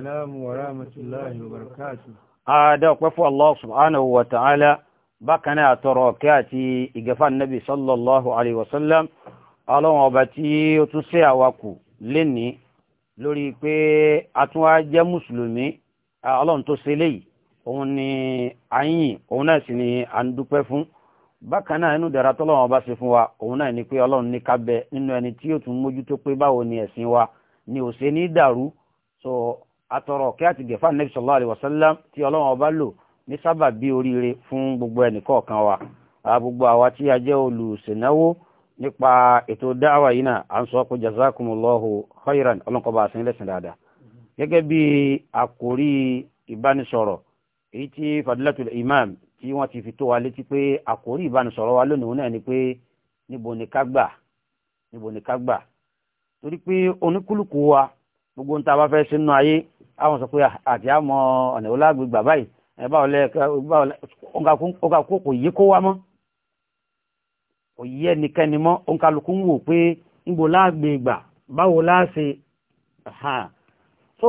assalamu wa rahmatullahi wa barakatuh. àádọ́pẹ́ fún allah subhanahu wa ta'ala bákan náà àtọrọ ọ̀kẹ́ àti ìgẹ̀fà nabi sallallahu alayhi wa sallam ọlọ́run ọba tí ó tún ṣe àwakù lénìí lórí pé a mùsùlùmí ọlọ́run tó ṣe léyìí òun ni àyìn òun náà sì ni à ń dúpẹ́ fún bákan náà inú dára tọ́lọ́run ọba ṣe fún wa òun náà ni pé ọlọ́run ní ká nínú ẹni tí yóò tún mójútó pé báwo ni ẹ̀sìn wa ni ò ṣe ní dàrú atọrọ kí a ti gẹ̀fà nẹ́bí sallallahu alaihi wasallam tí ọlọ́run ọba lò ní sábà bí oríire fún gbogbo ẹnìkọ̀ọ̀kan wa gbogbo àwa tí a jẹ́ olùsènáwó nípa ètò dáwà yìí náà à ń sọ pé jazakumullahu khairan ọlọ́nkọba àsìn lẹ́sìn dáadáa gẹ́gẹ́ bí àkórí ìbánisọ̀rọ̀ èyí tí fadilatul imam tí wọ́n ti fi tó wa létí pé àkórí ìbánisọ̀rọ̀ wa lónìí náà ni pé níbo ni ká gbà torí pé oníkúlùkù wa gbogbo ń ta bá fẹ́ sínú ayé àwọn sọ pé àti àmọ́ ọ̀nà olágbègbà báyìí ẹ báwo lẹ ọkàkú kò yí kó wá mọ́ kò yí ẹnikẹ́ni mọ́ òǹkàlùkù ń wò pé níbo lágbègbà báwo láṣe so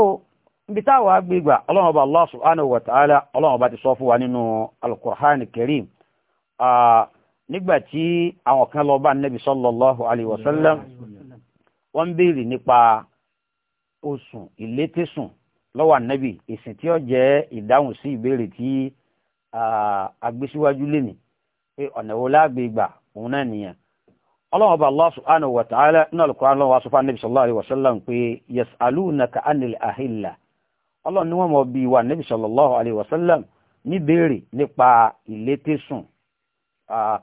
ibi táwọn agbègbà ọlọ́run ọba Allah subhanahu wa ta'ala ọlọ́run ọba ti sọ fún wa nínú al-Qur'an al àwọn kan lọ bá nẹ́bí sallallahu alaihi béèrè nípa oṣù lọ́wọ́ ànábì èsì tí ó jẹ́ ìdáhùn sí ìbéèrè tí agbésíwájú lèmi pé ọ̀nà wo láàgbé gbà òun náà nìyẹn ọlọ́wọ́ bá Allah subhanahu wa ta'ala nínú al-Qur'an lọ́wọ́ asọ́fà ànábì sallallahu alaihi wa sallam pé yas'alunaka anil ahilla ọlọ́run ni wọ́n mọ̀ bí wa ànábì sallallahu alaihi wa sallam ní béèrè nípa ìlétésùn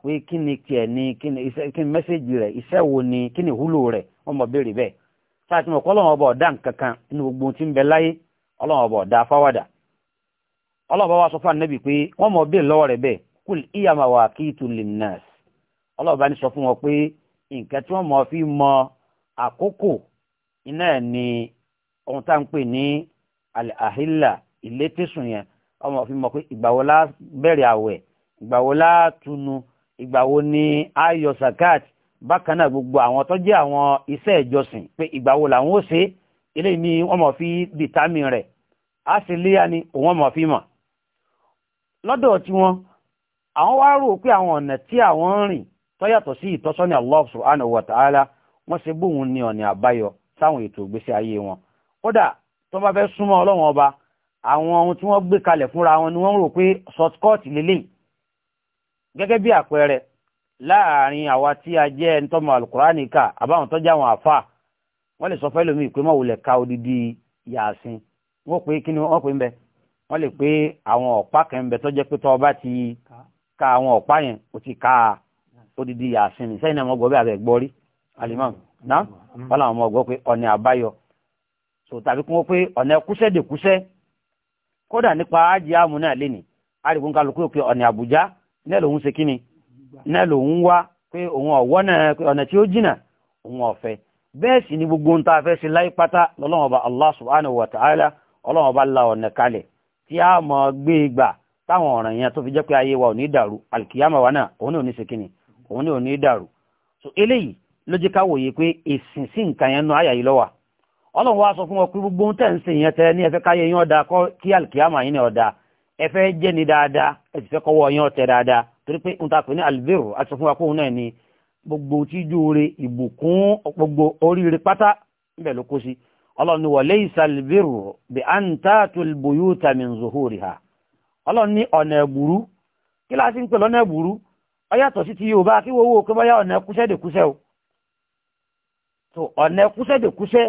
pé kí ni tiẹ̀ ni kí ni mẹ́sẹ̀gì rẹ̀ iṣẹ́ wo ni kí ni ìwúlò rẹ̀ wọ́n mọ̀ béèrè bẹ́ẹ̀ sáà tí mo kọ́ lọ́wọ́ ọba ọ̀dà nǹkan kan nínú gbogbo tí ń bẹ láyé ọlọ́run ọba ọ̀dà fáwàdà ọlọ́run bá wá sọ fún ànábì pé wọ́n mọ̀ bẹ́ẹ̀ lọ́wọ́ rẹ̀ bẹ́ẹ̀ kúl iyàmà wà kí ìtùlẹ̀ nọ́ọ̀s ọlọ́run bá ní sọ fún wọn pé nǹkan tí wọ́n mọ̀ fi mọ àkókò iná ẹ̀ ni ohun tá à ń pè ní àhílà ilé tẹ̀sùn yẹn wọ́n mọ̀ fi mọ pé ìgbà wo la bẹ̀rẹ̀ àwẹ̀ ìgbà wo la tunu ìgbà wo ni ayọ̀ zakat bákan náà gbogbo àwọn tó jẹ́ àwọn iṣẹ́ ìjọsìn pé ìgbà wo làwọn ó ṣe é eléyìí ni wọ́n mọ̀ fi bìtámì rẹ̀ á sì léyà ni òun mọ̀ fi mọ̀ lọ́dọ̀ tí wọ́n àwọn wá rò pé àwọn ọ̀nà tí àwọn ń rìn tó yàtọ̀ sí ìtọ́sọ́nà Allah subhanahu wa ta'ala wọ́n ṣe gbóhùn ní ọ̀nà àbáyọ sáwọn ètò ìgbésí ayé wọn kódà tó bá fẹ́ súnmọ́ ọlọ́run ọba àwọn ohun tí wọ́n gbé kalẹ̀ fúnra wọn ni wọ́n rò pé shortcut lélẹ̀ gẹ́gẹ́ bí àpẹẹrẹ láàárín àwa tí a jẹ́ ẹni tọ́mọ alukurani kà àbáwọn tọ́jà àwọn àfáà wọ́n lè sọ fẹ́ lómi ìpè mọ̀wulẹ̀ ka odidi yàásín wọ́n pé kí ni wọ́n pè ń bẹ wọ́n lè pé àwọn ọ̀pá kan ń bẹ tó jẹ́ pé tó bá ti ka àwọn ọ̀pá yẹn ó ti ka odidi yàásín ní sẹ́yìn náà mo gbọ́ bí abẹ́ gbọ́ rí alimam na wọ́n làwọn ọmọ gbọ́ pé ọ̀nà àbáyọ so tàbí kí wọ́n pé ọ̀nà kúṣẹ́ dè kúṣẹ́ kódà nípa ájì àmú náà lénìí àríkún kálukú pé ọ̀nà àbújá náà lòun ṣe kíni náà lòun wá pé òun bẹ́ẹ̀ sì ni gbogbo ń ta fẹ́ sí láyé pátá lọ́lọ́run ọba Allah subhanahu wa ta'ala ọlọ́run ọba la ọ̀nà kalẹ̀ tí a mọ̀ gbé e gbà táwọn ọ̀ràn yẹn tó fi jẹ́ pé ayé wa ò ní dàrú alkiyama wa náà òun ní òní sekini òun ní òní dàrú so eléyìí ló jẹ́ ká wòye pé èsìn sí nǹkan yẹn nu àyà yìí lọ́wà ọlọ́run wa sọ fún wọn pé gbogbo ń tẹ̀ ń sìn yẹn tẹ ní ẹ fẹ́ káyé yín ọ̀dà kí alkiyama yín ni ọ̀dà ẹ jẹ́ ni dáadáa ẹ fẹ́ kọ́wọ́ yín ọ̀tẹ̀ dáadáa torí pé ń ta pè ní albiru àti sọ fún wa kóhun náà ni gbogbo tíjú re ìbùkún gbogbo oríire pátá níbẹ̀ ló kó sí ọlọ́run ní wọlé ìsàlìbírù bí a ń tá àtúlbòyú tàmín zohori ha ọlọ́run ní ọ̀nà ẹ̀bùrú kí láti ń pè lọ́nà ẹ̀bùrú ó yàtọ̀ sí ti yorùbá kí wọ́n wò pé bọ́yá ọ̀nà ẹkúṣẹ́ dèkúṣẹ́ o tó ọ̀nà ẹkúṣẹ́ dèkúṣẹ́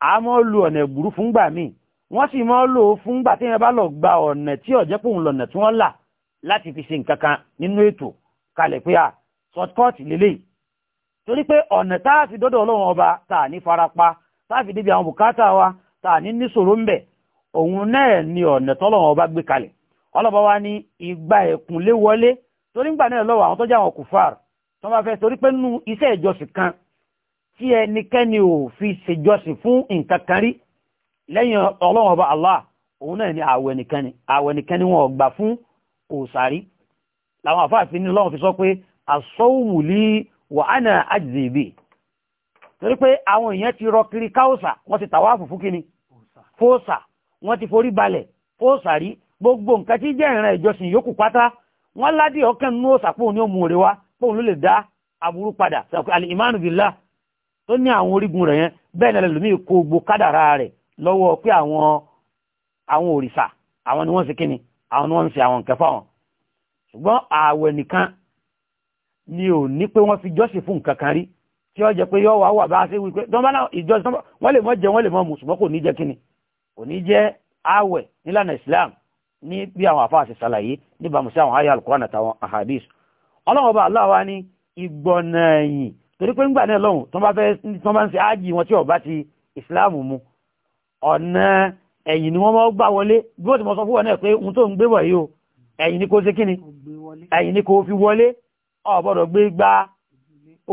a máa lo ọ̀nà ẹ̀bùrú fúngbà míì wọ́n sì máa lò ó fúngbà tí yẹn bá lọ gba ọ̀nà tí ọ̀jẹ́pọ̀ ń lọ̀nà tí wọ́n là láti fi ṣe nǹkan kan nínú ètò kalẹ̀ pé à shortcut lélẹ̀ torí pé ọ̀nà tá a fi dọ́dọ̀ ọlọ́run ọba tá a ní farapa tá a fi débi àwọn bùkátà wa tá a ní níṣòro ń bẹ̀ òun náà ni ọ̀nà tọ́lọ́run ọba gbé kalẹ̀ ọlọ́ba wa ní ìgbà ẹ̀kùn lé wọlé torí ńgbà náà lọ́wọ́ àwọn tó jẹ́ àwọn kùfàr tó máa fẹ́ torí pé nínú iṣẹ́ ìjọsìn kan tí ẹnikẹ́ni ò fi ṣèjọsìn fún nǹkan kan rí lẹ́yìn ọlọ́run ọba Allah òun náà ni àwẹ̀ nìkan ni àwẹ̀ nìkan ni wọn ò gbà fún òòsàrí làwọn àfáàfin ní ọlọ́run fi sọ pé as-sawmu li wa ana ajzi bi torí pé àwọn èèyàn ti rọ kiri káòsà wọ́n ti tàwáàfù fún kíni fóòsà wọ́n ti forí balẹ̀ fóòsà rí gbogbo nǹkan tí jẹ́ ìran ìjọsìn yòókù pátá wọ́n ládì ọkàn nínú òòsà pòun ní òmù rẹ̀ wá pòun ló lè dá aburú padà sọ̀kọ̀ alìmánu billah tó ní àwọn orígun rẹ̀ yẹn bẹ́ẹ̀ ni ẹlòmíì kó gbogbo kádàrá rẹ̀ lọ́wọ́ pé àwọn àwọn òrìṣà àwọn ni wọ́n ṣe kíni àwọn ni wọ́n ń ṣe àwọn nǹkan fáwọn ṣùgbọ́n ààwẹ̀ nìkan ni ò ní pé wọ́n fi jọ́sìn fún nǹkan kan rí tí ó jẹ́ pé yọ́ wà wà bá ṣe wípé tọ́mọ́nà ìjọsìn wọ́n lè mọ́ jẹ wọ́n lè mọ́ mùsùlùmọ́ kò ní jẹ́ kíni kò ní jẹ́ àwẹ̀ nílànà Islam ní bí àwọn àfáà ṣe ṣàlàyé níbàámu sí àwọn ayé alukóran àtàwọn ahadis ọlọ́run ọba aláwa ní ìgbọ̀nà ẹ̀yìn torí pé ńgbà náà lọ́hùn tó bá fẹ́ tó bá ń ṣe ájì wọn tí ó bá ti Islam mu ọ̀nà ẹ̀yìn ni wọ́n mọ́ gbà wọlé bí wọ́n ti mọ sọ fún wọn náà pé ohun tó ń gbé bọ̀ o ẹ̀yìn ni kò ṣe kíni ẹ̀yìn ni kò fi wọlé ọ̀bọ̀dọ̀ gbé gba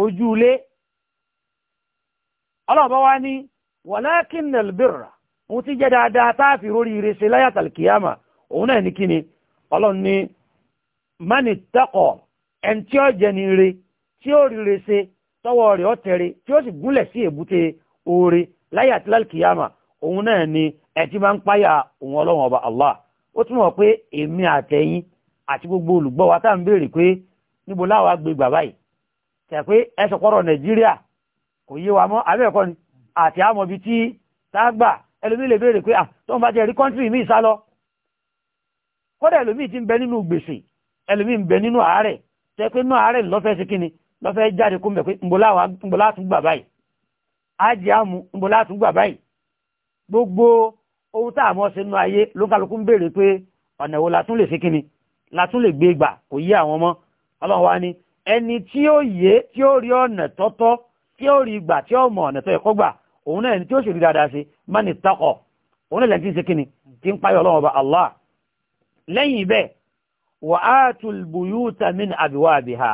ojú ilé ọlọ́ọ̀bọ̀ wá ní walakin albirra òun ti jẹ́ dáadáa táàfi rórí ìrẹsẹ̀ láyàtàl òun náà ní ọlọ́run ní mani ẹn tí ó jẹ ní ire tí ó rí ìrẹsẹ̀ tọwọ́ rẹ̀ ọ̀tẹ̀rẹ̀ tí ó sì gúnlẹ̀ sí èbúté oore ọba Allah ó túmọ̀ pé èmi àtẹ̀yìn àti gbogbo olùgbọ́ wa ń béèrè níbo láwa gbé bàbá yìí tẹ̀ ẹsẹ̀ kọ́rọ̀ nàìjíríà kò yé wa mọ́ abẹ́ ẹ̀kọ́ ni àti àmọ́ ibi tí tágbà ẹlòmíì lè béèrè pé à ah, tó ń bá jẹ́ rí kọ́ńtírì míì sá lọ kódà ẹlòmíì ti ń bẹ nínú gbèsè ẹlòmíì ń bẹ nínú àárẹ̀ tẹ́ pé nínú àárẹ̀ lọ́fẹ́ sí kíni lọ́fẹ́ jáde kó mẹ̀ pé ńbọ látún gbà báyìí ájẹ́ àmú ńbọ látún gbà báyìí gbogbo ohun tá àmọ́ sí nínú ayé ló ń béèrè pé ọ̀nà wo lè sí kíni látún lè gbé gbà kò yé àwọn mọ́ ọlọ́run wa ni ẹni tí ó yé tí ó rí ọ̀nà tọ́tọ́ tí ó rí gbà tí ó mọ̀ ọ̀nà tó yẹ kó gbà òun náà ẹni tí ó sì rí dáadáa ṣe mani takọ̀ òun náà lẹ́yìn tí ń ṣe kíni tí ń páyọ̀ ọlọ́run ọba Allah lẹ́yìn bẹ́ẹ̀ wà á tul buyuta min abwabiha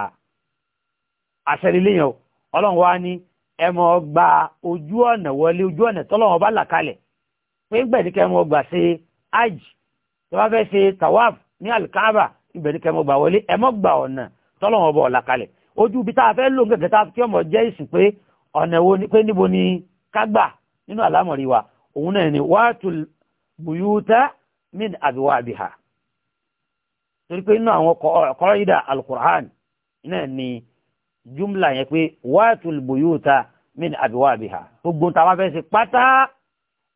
àṣẹríléyàn ọlọ́run wa ni ẹ mọ̀ gba ojú ọ̀nà wọlé ojú ọ̀nà tọ́lọ́run ọba là kalẹ̀ pé gbẹ̀dí kẹ́ fẹ́ ṣe tawaf ní alikaaba ìbẹ̀dí kẹ́ wọlé ẹ ọ̀nà tọ́lọ́wọ́n bọ̀ ọ̀làkalẹ̀ ojú ibi tá a fẹ́ lò gẹ́gẹ́ tá a kí ọmọ jẹ́ ìsìn pé ọ̀nà wo ni pé níbo ni kágbà nínú àlámọ̀rí wa òun náà ni wàátù bùyútà min àbíwá àbíhà torí pé nínú àwọn kọ́rọ́yìdà alukur'an náà ni jumla yẹn pé wàátù bùyútà min àbíwá àbíhà gbogbo tá a fẹ́ ṣe pátá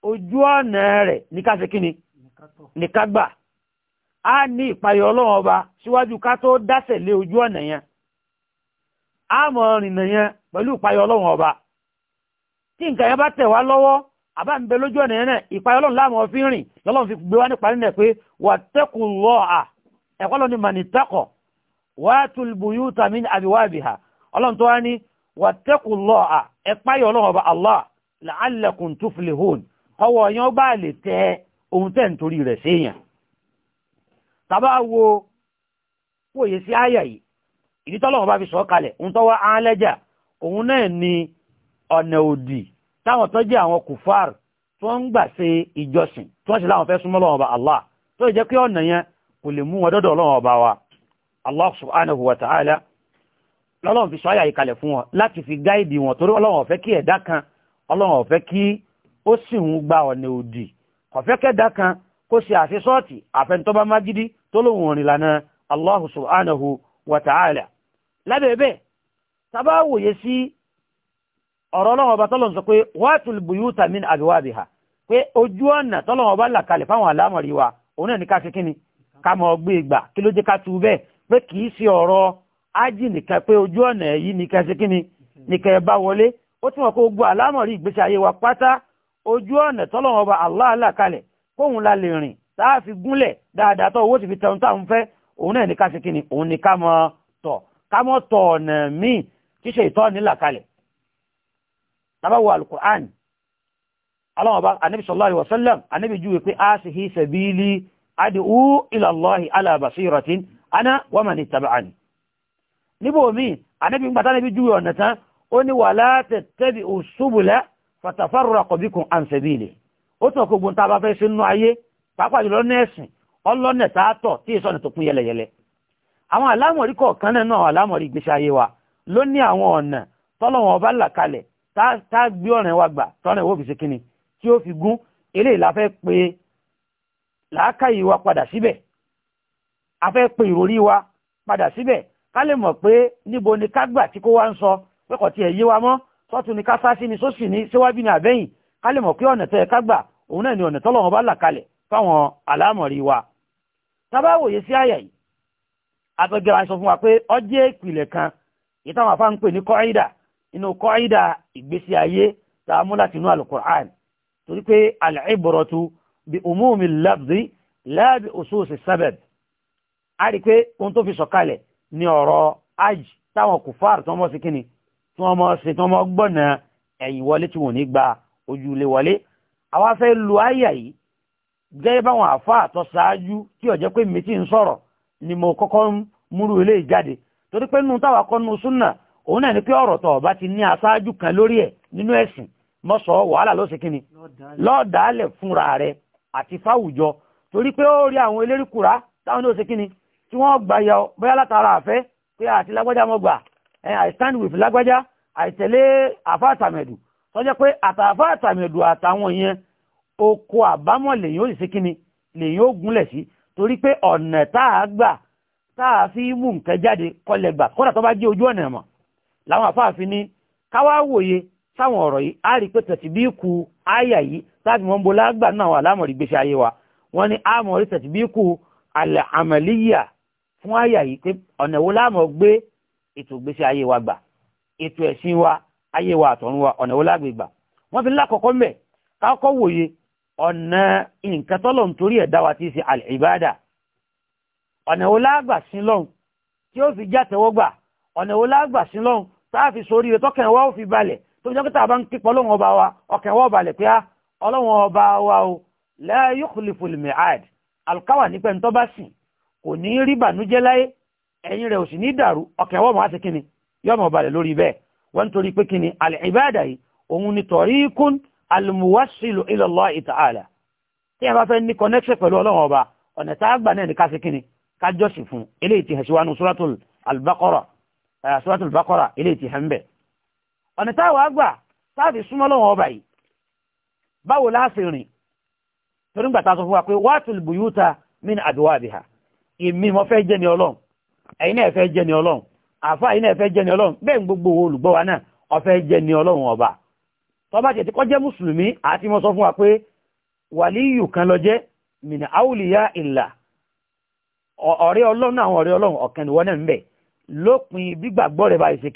ojú ọ̀nà rẹ̀ ní ká ṣe kíni ní kágbà. a ní ìpayọ̀ ọlọ́run ọba síwájú ká tó dásẹ̀ lé ojú ọ̀nà yẹn mọ̀ rìnà ọlọ́run ọba tí nǹkan yẹn bá tẹ̀ wá lọ́wọ́ àbá ń bẹ lójú ọlọ́run láàmú ọ fi ń rìn lọ́lọ́run fi gbé wá nípa nílẹ̀ pé wà tẹ́kù à ẹ̀kọ́ lọ ni mà ọba tàbá wo wòye sí àyà yìí ìdí bá fi sọ kalẹ̀ ń tọ́wọ́ alẹ́jà òun náà ni ọ̀nà òdì táwọn tó jẹ́ àwọn kùfàr tó ń gbà ṣe ìjọsìn tó wọ́n ṣe láwọn fẹ́ súnmọ́ lọ́wọ́ bá Allah tó jẹ́ pé ọ̀nà yẹn kò lè mú wọn dọ́dọ̀ lọ́wọ́ bá wa Allah subhanahu wa fi sọ àyà yìí kalẹ̀ fún wọn fi gáìdì wọn torí ọ̀fẹ́ kí ẹ̀dá kan kó sì àfi sọ́ọ̀tì àfẹntọ́bá mágídí tó lóhun na allah Allahu subhanahu wa ta'ala lábẹ́ẹ̀bẹ́ sábà wòye sí ọ̀rọ̀ ọlọ́run ọba tọ́lọ̀ sọ pé watul buyuta min abwabiha pé ojú ọ̀nà tọ́lọ̀wọ̀n bá làkalẹ̀ fáwọn àlámọ̀rí wa òun náà ní ká ṣe ká mọ ọgbẹ́ ìgbà e kí ló ká tu bẹ́ẹ̀ pé kì í ṣe ọ̀rọ̀ nìkan pé ojú ọ̀nà yìí ní ká nìkan bá wọlé ó ìgbésí ayé kóhun la lè rìn tá a fi gúnlẹ̀ dáadáa tó owó ti fi tẹun táwọn fẹ́ òun náà ní ká ṣe kí ni òun ní ká mọ tọ̀ ká mọ tọ̀ ọ̀nà míì ṣíṣe ìtọ́ni là kalẹ̀ tábàwọ̀ alukur'an aláwọ̀bá anábì sallallahu alaihi wasallam anábì júwe pé asihi sabili adìú ila Allahi ala basiratin ana wa man ittaba'ani níbo mi anábì gbàtà anábì júwe ọ̀nà tán ó ní wala tattabi'u subula fatafarraqa bikum an ó tàn kó gbóǹta bá fẹ́ sínú ayé pàápàá jùlọ nẹ́ẹ̀sìn ọlọ́nẹ̀ tààtọ̀ tí èso ọ̀nà tó kún yẹlẹyẹlẹ àwọn àlámọ̀rí kọ̀ọ̀kan náà náà àlámọ̀rí ìgbésí ayé wa ló ní àwọn ọ̀nà tọ́lọ́wọ̀n ọba là kalẹ̀ tá a gbé ọ̀rẹ́ wa gbà tọ́rẹ́ ìwọ́ òfìsè kínni tí ó fi gún eléyìí la fẹ́ làákàyè wa padà síbẹ̀ a fẹ́ ìròrí wa padà síbẹ̀ ká lè mọ̀ pé níbo ni ká gbà tí kò wá ń sọ pé kò tiẹ̀ yé wa mọ́ sọ́tún ni ká sá sí ni sósì ni síwájú ni àbẹ́yìn ká lè mọ̀ pé ọ̀nà tẹ́ ká gbà òun náà ni ọ̀nà tọ́lọ́wọ́n bá là kalẹ̀ fáwọn àlámọ̀rí wa tábàwòye sí àyà yìí abẹ́gẹ́ wa sọ fún wa pé ọjẹ́ ìpìlẹ̀ kan yìí táwọn afá ń pè ní kọ́ídà inú kọ́ídà ìgbésí ayé tá a mú láti inú alukur'an torí pé al-ibratu bi umumi labdi la bi ususi sabab a rí pé ohun tó fi sọ̀kalẹ̀ ni ọ̀rọ̀ ajj táwọn kùfáàr tí wọ́n mọ̀ sí kíni tí wọ́n sí tí wọ́n gbọ́nà ẹ̀yìn wọlé tí wọ́n ní gba ojú wọlé àwa fẹ́ lu àyà yìí gẹ́gẹ́ báwọn àfa àtọ́ ṣáájú tí ọ̀jẹ́ pé mi ti ń sọ̀rọ̀ ni mo kọ́kọ́ ń múrú ilé ìjáde torí pé nínú táwa kọ́ nu súnà òun náà ni pé ọ̀rọ̀ tó ọba ti ní aṣáájú kan lórí ẹ̀ nínú ẹ̀sìn mọ́ sọ wàhálà ló ṣe kíni lọ́ọ̀dàálẹ̀ fúnra rẹ̀ àti fáwùjọ torí pé ó rí àwọn elérìkùrá táwọn ló ṣe kíni tí wọ́n gbà yà bóyá látara àfẹ́ pé àti lágbájá mọ́ I stand with lágbájá àìtẹ̀lé àfáàtàmẹ̀dù tọ́jẹ́ pé àtàfà àtàmìdù àtàwọn yẹn oko àbámọ̀ lèyìn ó sì sí kíni lèyìn ó gúnlẹ̀ sí torí pé ọ̀nà táà gbà táà fi mú nǹkan jáde kọlẹ̀ gbà kọ́dà tó bá jẹ́ ojú ọ̀nà ẹ̀mọ̀ làwọn àfáàfin ní káwá wòye sáwọn ọ̀rọ̀ yìí á rí pé tẹ̀sí bí ku àyà yìí láti mọ́ ń bo lágbà náà wà lámọ̀rí gbèsè ayé wa wọ́n ní àmọ̀rí tẹ̀sí bí ku àlẹ̀ àmàlíyà fún àyà yìí pé ọ̀nà wo láàmọ̀ gbé ètò gbèsè ayé wa gbà ètò ẹ̀sìn wa ayé wa àtọ̀run wa ọ̀nà wo lágbègbà wọ́n fi lákọ̀ọ́kọ́ mẹ́ kákọ́ wòye ọ̀nà nǹkan tọ́lọ̀ nítorí ẹ̀dá wa ti ṣe àlìbádà ọ̀nà wo lágbà sí lọ́hùn tí ó fi jàtẹ̀wọ́gbà ọ̀nà wo lágbà sí lọ́hùn tá a fi sórí rẹ̀ tọ́kàn wa ó fi balẹ̀ tó fi dókítà bá ń kípa ọlọ́run ọba wa ọkàn wa ó balẹ̀ pé ah, ọlọ́run ọba wa o la alkawa nípa ẹni tó bá sìn kò ní rí bànújẹ́ láyé ẹ̀yìn rẹ̀ ò sì wọ́n torí pé kí ni alìbáàdà yìí òun ni tọ̀ríkún alìmùwásílù ila Allah ta'ala tí a bá fẹ́ ní connection pẹ̀lú ọlọ́run ọba ọ̀nà tá a gbà náà ni ká sí kí ni ká jọ́sìn fún eléyìí ti hẹ̀síwánú suratul al-Baqara suratul al-Baqara eléyìí ti hẹ̀mbẹ̀ ọ̀nà tá a wàá gbà táàfi súnmọ́ ọlọ́run yìí báwo àfa yìí náà fẹ́ jẹ́ ni ọlọ́run bẹ́ẹ̀ ń gbogbo olùgbọ́ wa náà ọ̀fẹ́ jẹ́ ni ọlọ́run ọba tọ́ba tètè kọ́ jẹ́ mùsùlùmí àti mo sọ fún wa pé wàlíyù kan lọ jẹ́ mìnà áwùlìyá ìlà ọ̀rẹ́ ọlọ́run àwọn ọ̀rẹ́ ọlọ́run ọ̀kan ìwọ náà ń bẹ lópin gbígbàgbọ́ rẹ̀ báyìí ṣe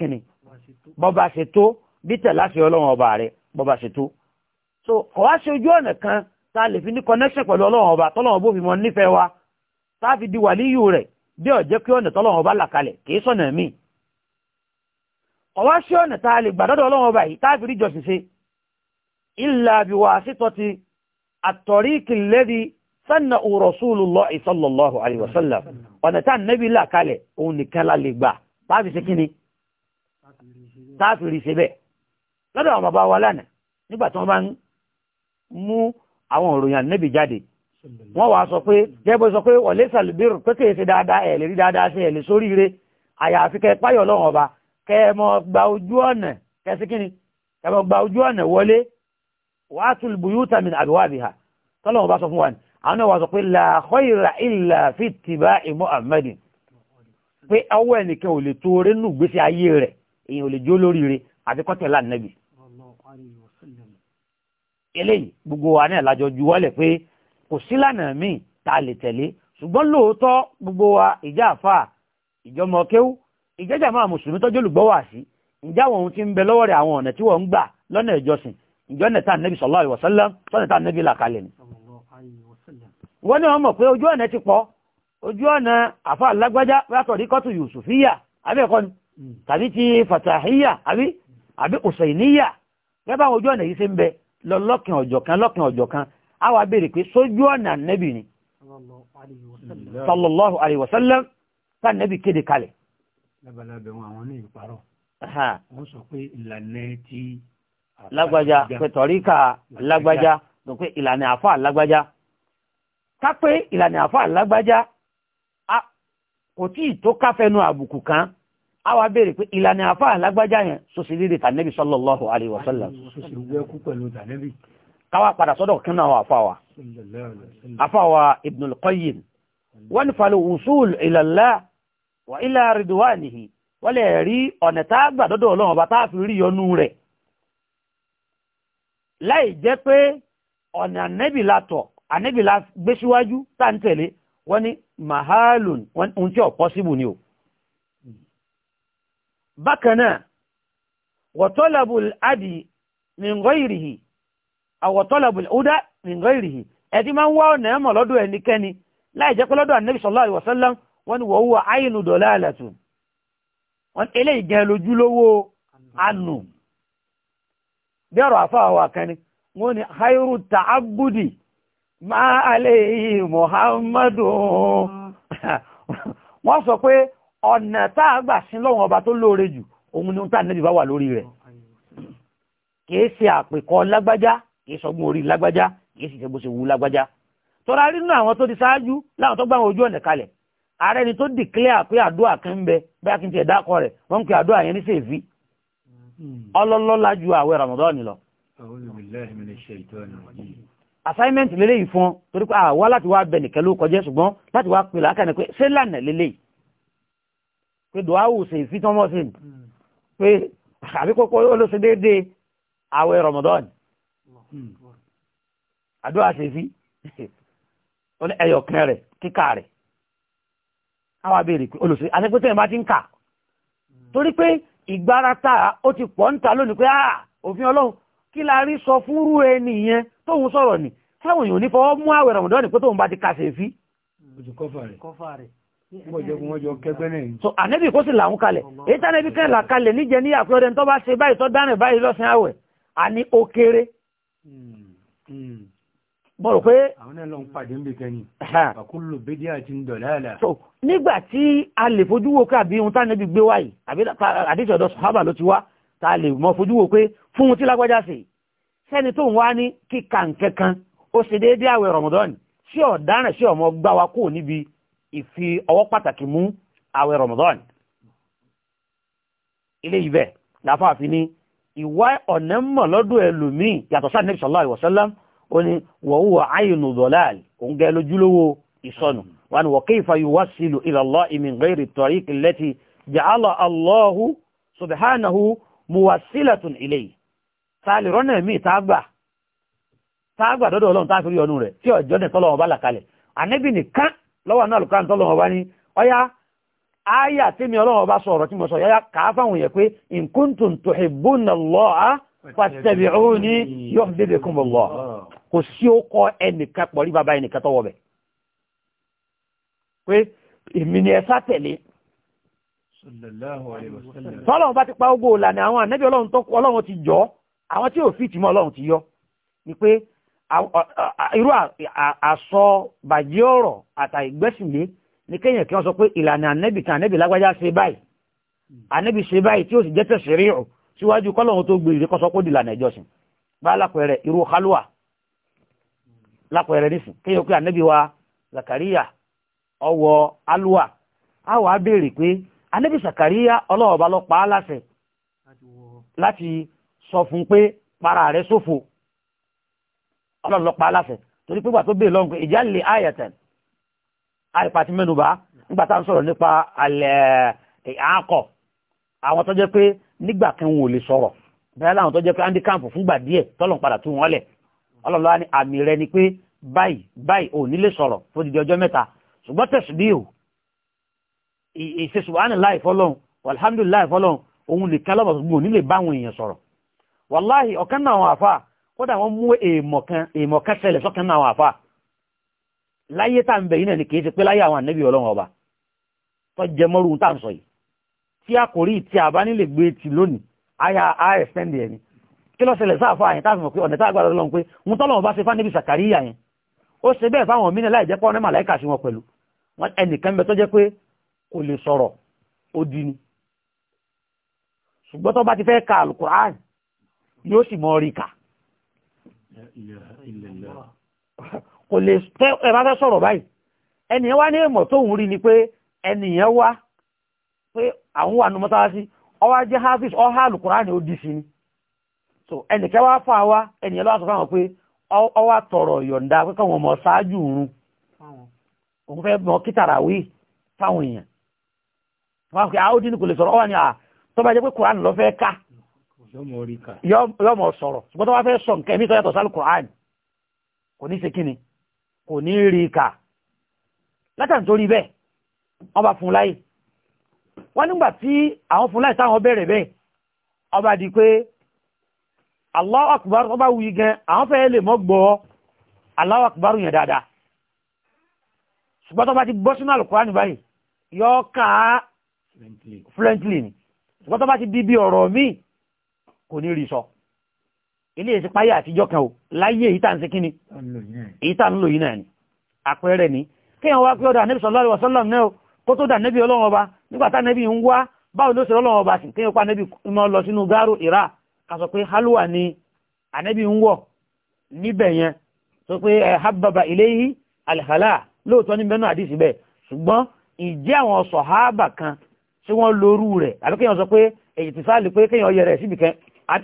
bọ́ba ṣe bí tẹ̀lá ṣe ọlọ́run ọba rẹ̀ bọ́ba ṣe tó so ọ̀wá ṣe ojú ọ̀nà kan tá a lè fi ní connection pẹ̀lú ọlọ́run ọba tọ́lọ́run bó fi mọ nífẹ̀ẹ́ wa tá a fi di wàlíyù rẹ̀ bí ọ̀jẹ́ kí ọ̀nà tọ́lọ́wọ́ bá làkalẹ̀ kìí sọ̀nà mí ọwá sí ọ̀nà tá a lè gbàdọ́dọ̀ ọlọ́wọ́ báyìí tá a fi rí jọsìn ṣe ìlà àbíwá sítọ́ ti àtọ̀rí kìlẹ́dì sanna rasulullahi sallallahu alaihi wasallam ọ̀nà tá nẹ́bí làkalẹ̀ òun nìkan la lè gbà tá a fi ṣe kíni tá a fi rí ṣe bẹ́ẹ̀ lọ́dọ̀ àwọn bàbá wa lánàá nígbà tí wọ́n bá ń mú àwọn òròyìn ànẹ́bí jáde wọ́n wá sọ pé jẹ́bọ́ sọ pé wọ̀lé sàlùbírù pé kèèṣe dáadáa ẹ̀ lè rí dáadáa sí ẹ̀ lè sórí ire àyàfi kẹ páyọ̀ lọ́wọ́n ọba kẹ mọ gba ojú ọ̀nà kẹsí kíni kẹ mọ gba ojú ọ̀nà wọlé wàá tún buyúta min àbíwábìhà tọ́lọ́wọ́n bá sọ fún wa ni àwọn náà wá sọ pé la khaira illa fi ittiba'i Muhammadin pé ọwọ́ ẹnìkan ò kò sí lànà míì tá a lè tẹ̀lé ṣùgbọ́n lóòótọ́ gbogbo wa ìjà àfà ìjọmọ kéwú ìjẹ́jà máa mùsùlùmí tọ́jú olùgbọ́ wà sí ìjà àwọn ohun tí ń bẹ lọ́wọ́ rẹ̀ àwọn ọ̀nà tí wọ́n ń gbà lọ́nà ìjọsìn ìjọ́nà tá nẹ́bí sallallahu alaihi wasallam tọ́nà tá nẹ́bí là kalẹ̀ ni. wọ́n ní wọ́n mọ̀ pé ojú ọ̀nà ti pọ̀ ojú ọ̀nà àfà alágbájá látọ̀rí kọ́tù yusufiya àbí ẹ̀kọ́ hmm. ọ̀nà yìí ṣe ń bẹ lọ́lọ́kìn ọ̀jọ̀kan lọ́kìn ọ̀jọ̀kan a wà bèèrè pé sójú ọ̀nà nẹ́bì ni sallallahu alaihi wasallam tá nẹ́bì kéde kalẹ̀ lábalábẹ̀ wọn àwọn ní ìparọ̀ wọ́n sọ pé ìlànà ti lágbájá pé tọ̀ríkà lágbájá tó pé ìlànà àfà lágbájá ká pé ìlànà àfà lágbájá kò tí ì tó káfẹ́nu àbùkù kan a wá béèrè pé ìlànà àfà lágbájá yẹn sọ sí tànẹ́bì sallallahu alaihi wasallam káwà padà sọ́dọ̀ kí náà àfáwà àfáwà Ibn al-Qayyim wọ́n ni falẹ̀ usul ila Allah wa ila ridwanihi wọ́n lè rí ọ̀nà tá a gbà dọ́dọ̀ ọlọ́run ọba tá a fi rí yọnú rẹ̀ láì jẹ́ pé ọ̀nà ànẹ́bì la ànẹ́bì la gbé síwájú tá ń tẹ̀lé wọ́n ni mahalun ohun tí ò possible ni o bákan náà wa talabul adi min ghairihi àwọ̀tọ́lẹ̀bù ọ̀dà nìgbọ́ ìrìhì ẹ̀dí máa ń wá ọ̀nà ẹ̀mọ̀ lọ́dọ̀ ẹnikẹ́ni láì jẹ́ pé lọ́dọ̀ ànábì sallallahu alaihi wasallam wọ́n wọ àyínú dọ̀lá àlàtù wọ́n eléyìí jẹ́ lójúlówó ànù bí ọ̀rọ̀ àfáàwọ̀ àkẹni wọ́n hayru máa aléyìí muhammadu sọ pé ọ̀nà tá a gbà sí lọ́wọ́n ọba tó lóore jù òun ni ó tà níbi bá wà lórí rẹ̀ ṣe àpèkọ lágbájá kì í sọgbọ́n orí lágbájá kì í sì ṣe bó ṣe wù lágbájá tọ́ra nínú àwọn tó ti ṣáájú láwọn tó gbà wọn ojú ọ̀nà kalẹ̀ ààrẹ ni tó dìklẹ́à pé àdúrà kan ń bẹ bóyá kí n tiẹ̀ dákọ rẹ̀ wọ́n ń pe àdúrà yẹn ní sèfì ọlọ́lọ́lá ju àwẹ̀ Ramadan lọ. assignment lélẹ́yìí fún ọ torí pé àwa láti wá bẹ nìkan ló kọjá ṣùgbọ́n láti wá pè lákàní pé ṣé lànà lélẹ́yìí pé dùáwù sèfì tọ́mọ́sìn hmm. pé àbíkọ́kọ́ ó àwẹ̀ Ramadan Hmm. àdúrà ṣe sí ó ní ẹyọkan rẹ̀ kíkà rẹ̀ àwọn abẹ́rẹ́ pé olùsí àtẹ́pẹ́tẹ́ ìbá ti ń kà hmm. torí pé ìgbárata ó ti pọ̀ ń ta lónìí pé à ah, òfin ọlọ́run kí la rí sọ fúrú ẹni yẹn tóun sọ̀rọ̀ nì táwọn èèyàn ní fọwọ́ mú àwẹ̀ rọ̀mọ̀dọ́ ni pé tóun bá ti kà ṣe fi. so ànẹ́bì kó sì làwọn kalẹ̀ èyí tánẹ́bì kẹ́là kalẹ̀ níjẹ níyà pé ọdẹ tó bá ṣe báyìí tó dárìn báyìí lọ́sìn àwẹ̀ àní ó kéré Hmm. Hmm. bọ́rọ̀ pé àwọn ẹlọ́n pàdé ń bè kẹni àkúlò bèdí àti ń dọ̀láàlà so nígbà tí a lè fojú wo ká bí ohun tá nẹ́bí gbé wáyìí àdéjọ́ ọ̀dọ̀ sọ̀hábà ló ti wá ta lè mọ fojú wo pé fún ohun tí lágbájá sí sẹ́ni tó ń wá ní kíkà nkankan ó ṣe déédéé àwẹ̀ rọ̀mọ̀dọ́nì sí ọ̀daràn sí ọmọ gbá wa kúrò níbi ìfi ọwọ́ pàtàkì mú àwẹ̀ rọ̀mọ̀dọ́nì ilé yìí bẹ́ẹ̀ làfáàfin ní ìwá ọ̀nà mọ̀ lọ́dọ̀ ẹlòmíì yàtọ̀ sáà nẹ́bí sallallahu alaihi wasallam ó ní wa huwa aynu dhalal òun gẹ́ lójúlówó ìsọnù wà ní wa kayfa yuwassilu ila Allahi min ghayri tariqi allati ja'ala Allahu subhanahu muwassilatun ilayhi sáàlì rọ́nà míì tágbà tágbà dọ́dọ̀ ọlọ́run táà fi rí ọnu rẹ̀ tí ọjọ́ áyà tí mi ọlọ́run bá sọ̀rọ̀ tí mo sọ yáyá kàá fáwọn yẹ pé in kuntum tuhibbuna Allah fattabi'uni yuhbibkum Allah kò sí ó kọ ẹnìkan pọ̀ rí bàbá ẹnìkan tọ́wọ́ bẹ̀ pé èmi ni ẹ sá tẹ̀lé tọ́lọ́run bá ti pa ogo ìlànà àwọn ànábì ọlọ́run ti jọ àwọn tí ò fi tìmọ̀ ọlọ́run ti yọ ni pé irú àsọ bàjẹ́ ọ̀rọ̀ àtàìgbẹ́sìnlé ní kéèyàn kí wọ́n sọ pé ìlànà ànẹ́bì kan ànẹ́bì lágbájá ṣe báyìí ànẹ́bì ṣe báyìí tí ó sì jẹ́ tẹ̀sí rí ọ̀ síwájú kọ́lọ́hún tó gbé ìdíkọ́ sọ pé ìlànà ìjọsìn bá lápẹ̀rẹ̀ irú kálúwà lápẹ̀rẹ̀ nísìn kéèyàn pé ànẹ́bì wa Zakariya ọwọ́ alúwà á wà á béèrè pé ànẹ́bì Zakariya ọlọ́ọ̀bá lọ pa á láṣẹ láti sọ fún pé para rẹ̀ sófo ọlọ́ọ̀lọ́pàá láṣẹ torí pé gbà tó béèrè lọ́nkùn àìpà ti mẹ́nubà nígbà tá à ń sọ̀rọ̀ nípa alẹ́ eh, àákọ̀ àwọn tó jẹ́ pé nígbà kan wọn ò lè sọ̀rọ̀ bẹ́ẹ̀ láwọn tó jẹ́ pé handicap fúngbà díẹ̀ tọ́lọ̀ padà tú lẹ̀ ni àmì rẹ ni pé báyìí báyìí ò nílé sọ̀rọ̀ fún ọjọ́ mẹ́ta ṣùgbọ́n tẹ̀sùbíò ìṣe subhanallahi láyé tá ń bẹ̀ yìí náà ni kìí ṣe pé láyé àwọn ànábì ọlọ́run ọba tó jẹ mọ́rú tá ń sọ yìí tí a kò rí tí a gbé ti lónìí aya a extend ni kí ló ṣẹlẹ̀ sáà fún àyẹn tá a fi mọ̀ pé ọ̀nà tá a gbàdọ̀ lọ́run pé ń tọ́lọ́run bá ṣe fún ànábì sàkàríyà yẹn ó ṣe bẹ́ẹ̀ fáwọn mí láì jẹ́ pọ́ ní màláìkà sí wọn pẹ̀lú ẹnìkan bẹ tó jẹ́ pé kò lè sọ̀rọ̀ ó di ni ṣùgbọ́n tó bá ti fẹ́ ka alukur'an yóò sì mọ rí kà kò lè tẹ́ ẹ sọ̀rọ̀ báyìí ẹnìyẹn wá ní tó ń rí ni pé ẹnìyàn wá pé àwọn wà nù ọwá jẹ́ hafiz ọha alùkùránì ni so ẹnìkẹ́ wá fà wá lọ́wọ́ pé ọwá tọrọ yọ̀ǹda pé káwọn ọmọ ṣáájú òun òun fẹ́ mọ kítàràwí fáwọn èèyàn wọ́n fi kò lè sọ̀rọ̀ ọwá à tó bá jẹ́ pé lọ fẹ́ ká yọmọ sọ̀rọ̀ ṣùgbọ́n sọ nǹkan yàtọ̀ kò ní rí i kà látàn torí bẹ́ẹ̀ wọ́n bá fún wọn wọ́n nígbà tí àwọn fún láyè táwọn bẹ̀rẹ̀ bẹ́ẹ̀ ọba di pé Allahu Akbar ọba wuyi gan àwọn fẹ́ lè mọ́ gbọ́ yẹn dáadáa ṣùgbọ́n tó bá ti gbọ́ sínú báyìí yọ ká ṣùgbọ́n tó bá ti kò ní rí sọ. ilé ìsìn páyé àtijọ́ kan o láyé èyí tà ń ṣe kíni èyí ń lò yìí náà ni àpẹẹrẹ ni kéèyàn wá pé ọ̀dọ̀ ànẹ́bí sallallahu alaihi wasallam náà kó tó dà nẹ́bí ọlọ́run ọba nígbà tá nẹ́bí ń wá báwo ló ṣe ọlọ́run ọba sì kéèyàn pa nẹ́bí mọ́ lọ sínú gáàrú ìrà ká pé halwa ni ànẹ́bí ń wọ̀ níbẹ̀ yẹn sọ pé ẹ eh, hababa ilayhi alhala lóòótọ́ ní bẹ́ẹ̀ àdìsí bẹ́ẹ̀ ṣùgbọ́n ìjẹ́ àwọn sọ̀háàbà kan tí wọ́n lórú rẹ̀ àbí kéèyàn sọ pé èyí ti sáà lè pé kéèyàn yẹrẹ síbi kan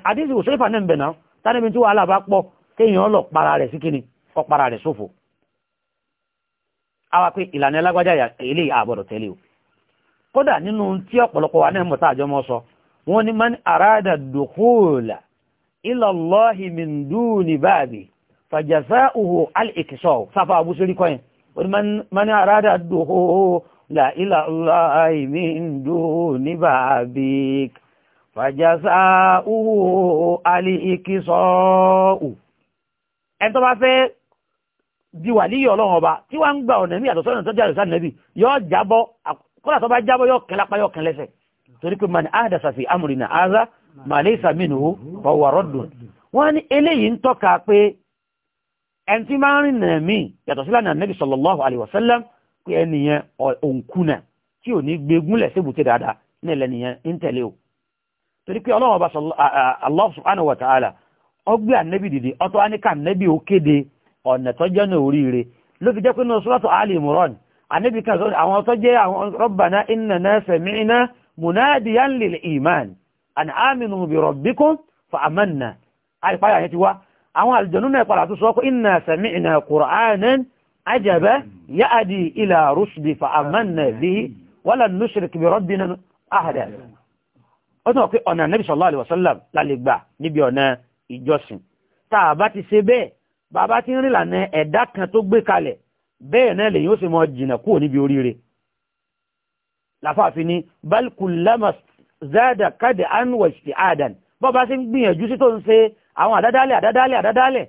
àdìsí òṣèlú fà náà ń bẹ̀ náà tánibí tí wàhálà bá pọ̀ kéèyàn lọ para rẹ̀ sí kíni kọ́ para rẹ̀ sófo àwa pé ìlànà ẹlágbájá eléyìí àbọ̀dọ̀ tẹ́lẹ̀ o kódà nínú tí ọ̀pọ̀lọpọ̀ wa náà mọ̀tá àjọmọ́ sọ wọn ni man arada dùkúùlà ilallahi min duni báàbì fajaza'uhu al-ikisaw sáfà abúsórí kọ́yìn wọn ni man arada dùkúùlà ilallahi báàbì fàjásá uhu alì ìkísọ́ ù ẹni tó bá fẹ́ di wà níyì ọlọ́run ọba tí wàá ń gba ọ̀nà mí àtọ̀sọ́nà tó jáde sáà nẹ́bì yóò jábọ́ kódà tó bá jábọ́ yóò kẹ́ lápá yóò kẹ́ lẹ́sẹ̀ torí pé mani ahadasa fi amúrinà aza màlẹ́ ìsàmìnú ọwọ́ rọ́dùn wọ́n ní eléyìí ń tọ́ka pé ẹni tí máa ń rìn nà mí yàtọ̀ sílá nà nẹ́bì sallallahu alaihi wasallam pé ẹnìyẹn òǹkùnà tí ò ní gbégúnlẹ̀ síbùté dáadáa ní ẹlẹ́nìyẹn ń tẹ̀lé o torí pé ọlọ́wọ́n bá Allah subhanahu wa ta'ala ọgbẹ́ ànẹ́bì dìde ọtọ́ áníkà ànẹ́bì ó kéde ọ̀nà tó jẹ́ ní oríire ló fi jẹ́ pé ní suratu Ali Imran ànẹ́bì kan sọ àwọn tó jẹ́ àwọn rabbana innana sami'na munadiyan lil iman an aminu bi rabbikum fa amanna àìpáyà yẹn ti wá àwọn àlùjọ̀nú náà padà tó sọ pé inna sami'na qur'anan ajaba ya'di ila rushdi fa amanna bihi walan nushrik bi rabbina ahada ó tún wọ́n pé ọ̀nà nẹ́bí sallallahu alaihi wasallam lálẹ́ gbà níbi ọ̀nà ìjọsìn tá a bá ti ṣe bẹ́ẹ̀ bàbá ti ń rìn lànà ẹ̀dá kan tó gbé kalẹ̀ bẹ́ẹ̀ náà lèyìn ó sì mọ jìnnà kúrò níbi oríire làfààfin ni balkulama zada kade anwesti adan bọ́ba ṣe ń gbìyànjú sí tó ń ṣe àwọn àdádálẹ̀ àdádálẹ̀ àdádálẹ̀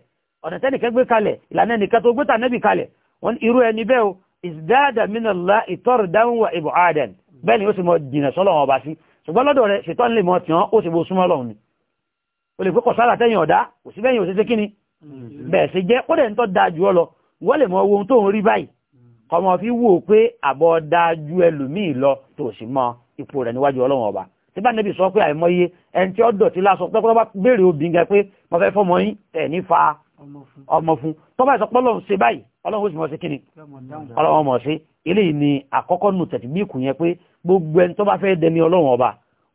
ọ̀nà tẹ́nìkan gbé kalẹ̀ ìlànà ẹnìkan tó gbé tànẹ́bì kalẹ̀ wọn irú ẹni bẹ́ẹ̀ o ìsdáàdà mínàlá ìtọ́rọ̀dáhùn wa ibùhádàn bẹ́ẹ̀ ni ó sì mọ jìnnà sọ́lọ́wọ́n ọba sí ṣùgbọ́n lọ́dọ̀ rẹ̀ ṣètọ́ nílé mọ́ tí wọ́n ó sì bó súnmọ́ lọ́wọ́ ni o lè pẹ́kọ̀ sára tẹ́yìn ọ̀dá kò sí bẹ́yìn òṣèṣe kíni bẹ̀ẹ̀ sí jẹ́ kódẹ̀ ń tọ́ da jù ọ lọ wọ́n lè mọ owó tó ń rí báyìí kọmọ fi wò pé àbọ̀ da ju ẹlòmíì lọ tó sì mọ ipò rẹ̀ níwájú ọlọ́wọ́n ọba tí bá nẹ́bí sọ pé àìmọye ẹni tí ó dọ̀tí lásọ pé kọ́lọ́ bá béèrè obìnrin gan pé mo fẹ́ fọmọ yín ẹ̀ ní fa ọmọ fún tọ́ba ìsọpọ́lọ́ ń ṣe báyìí ọlọ́run ó sì mọ̀ sí kíni ọlọ́run mọ̀ sí eléyìí ni àkọ́kọ́ nù tẹ̀tí bí kù yẹn pé gbogbo ẹni tó bá fẹ́ dẹni ọlọ́run ọba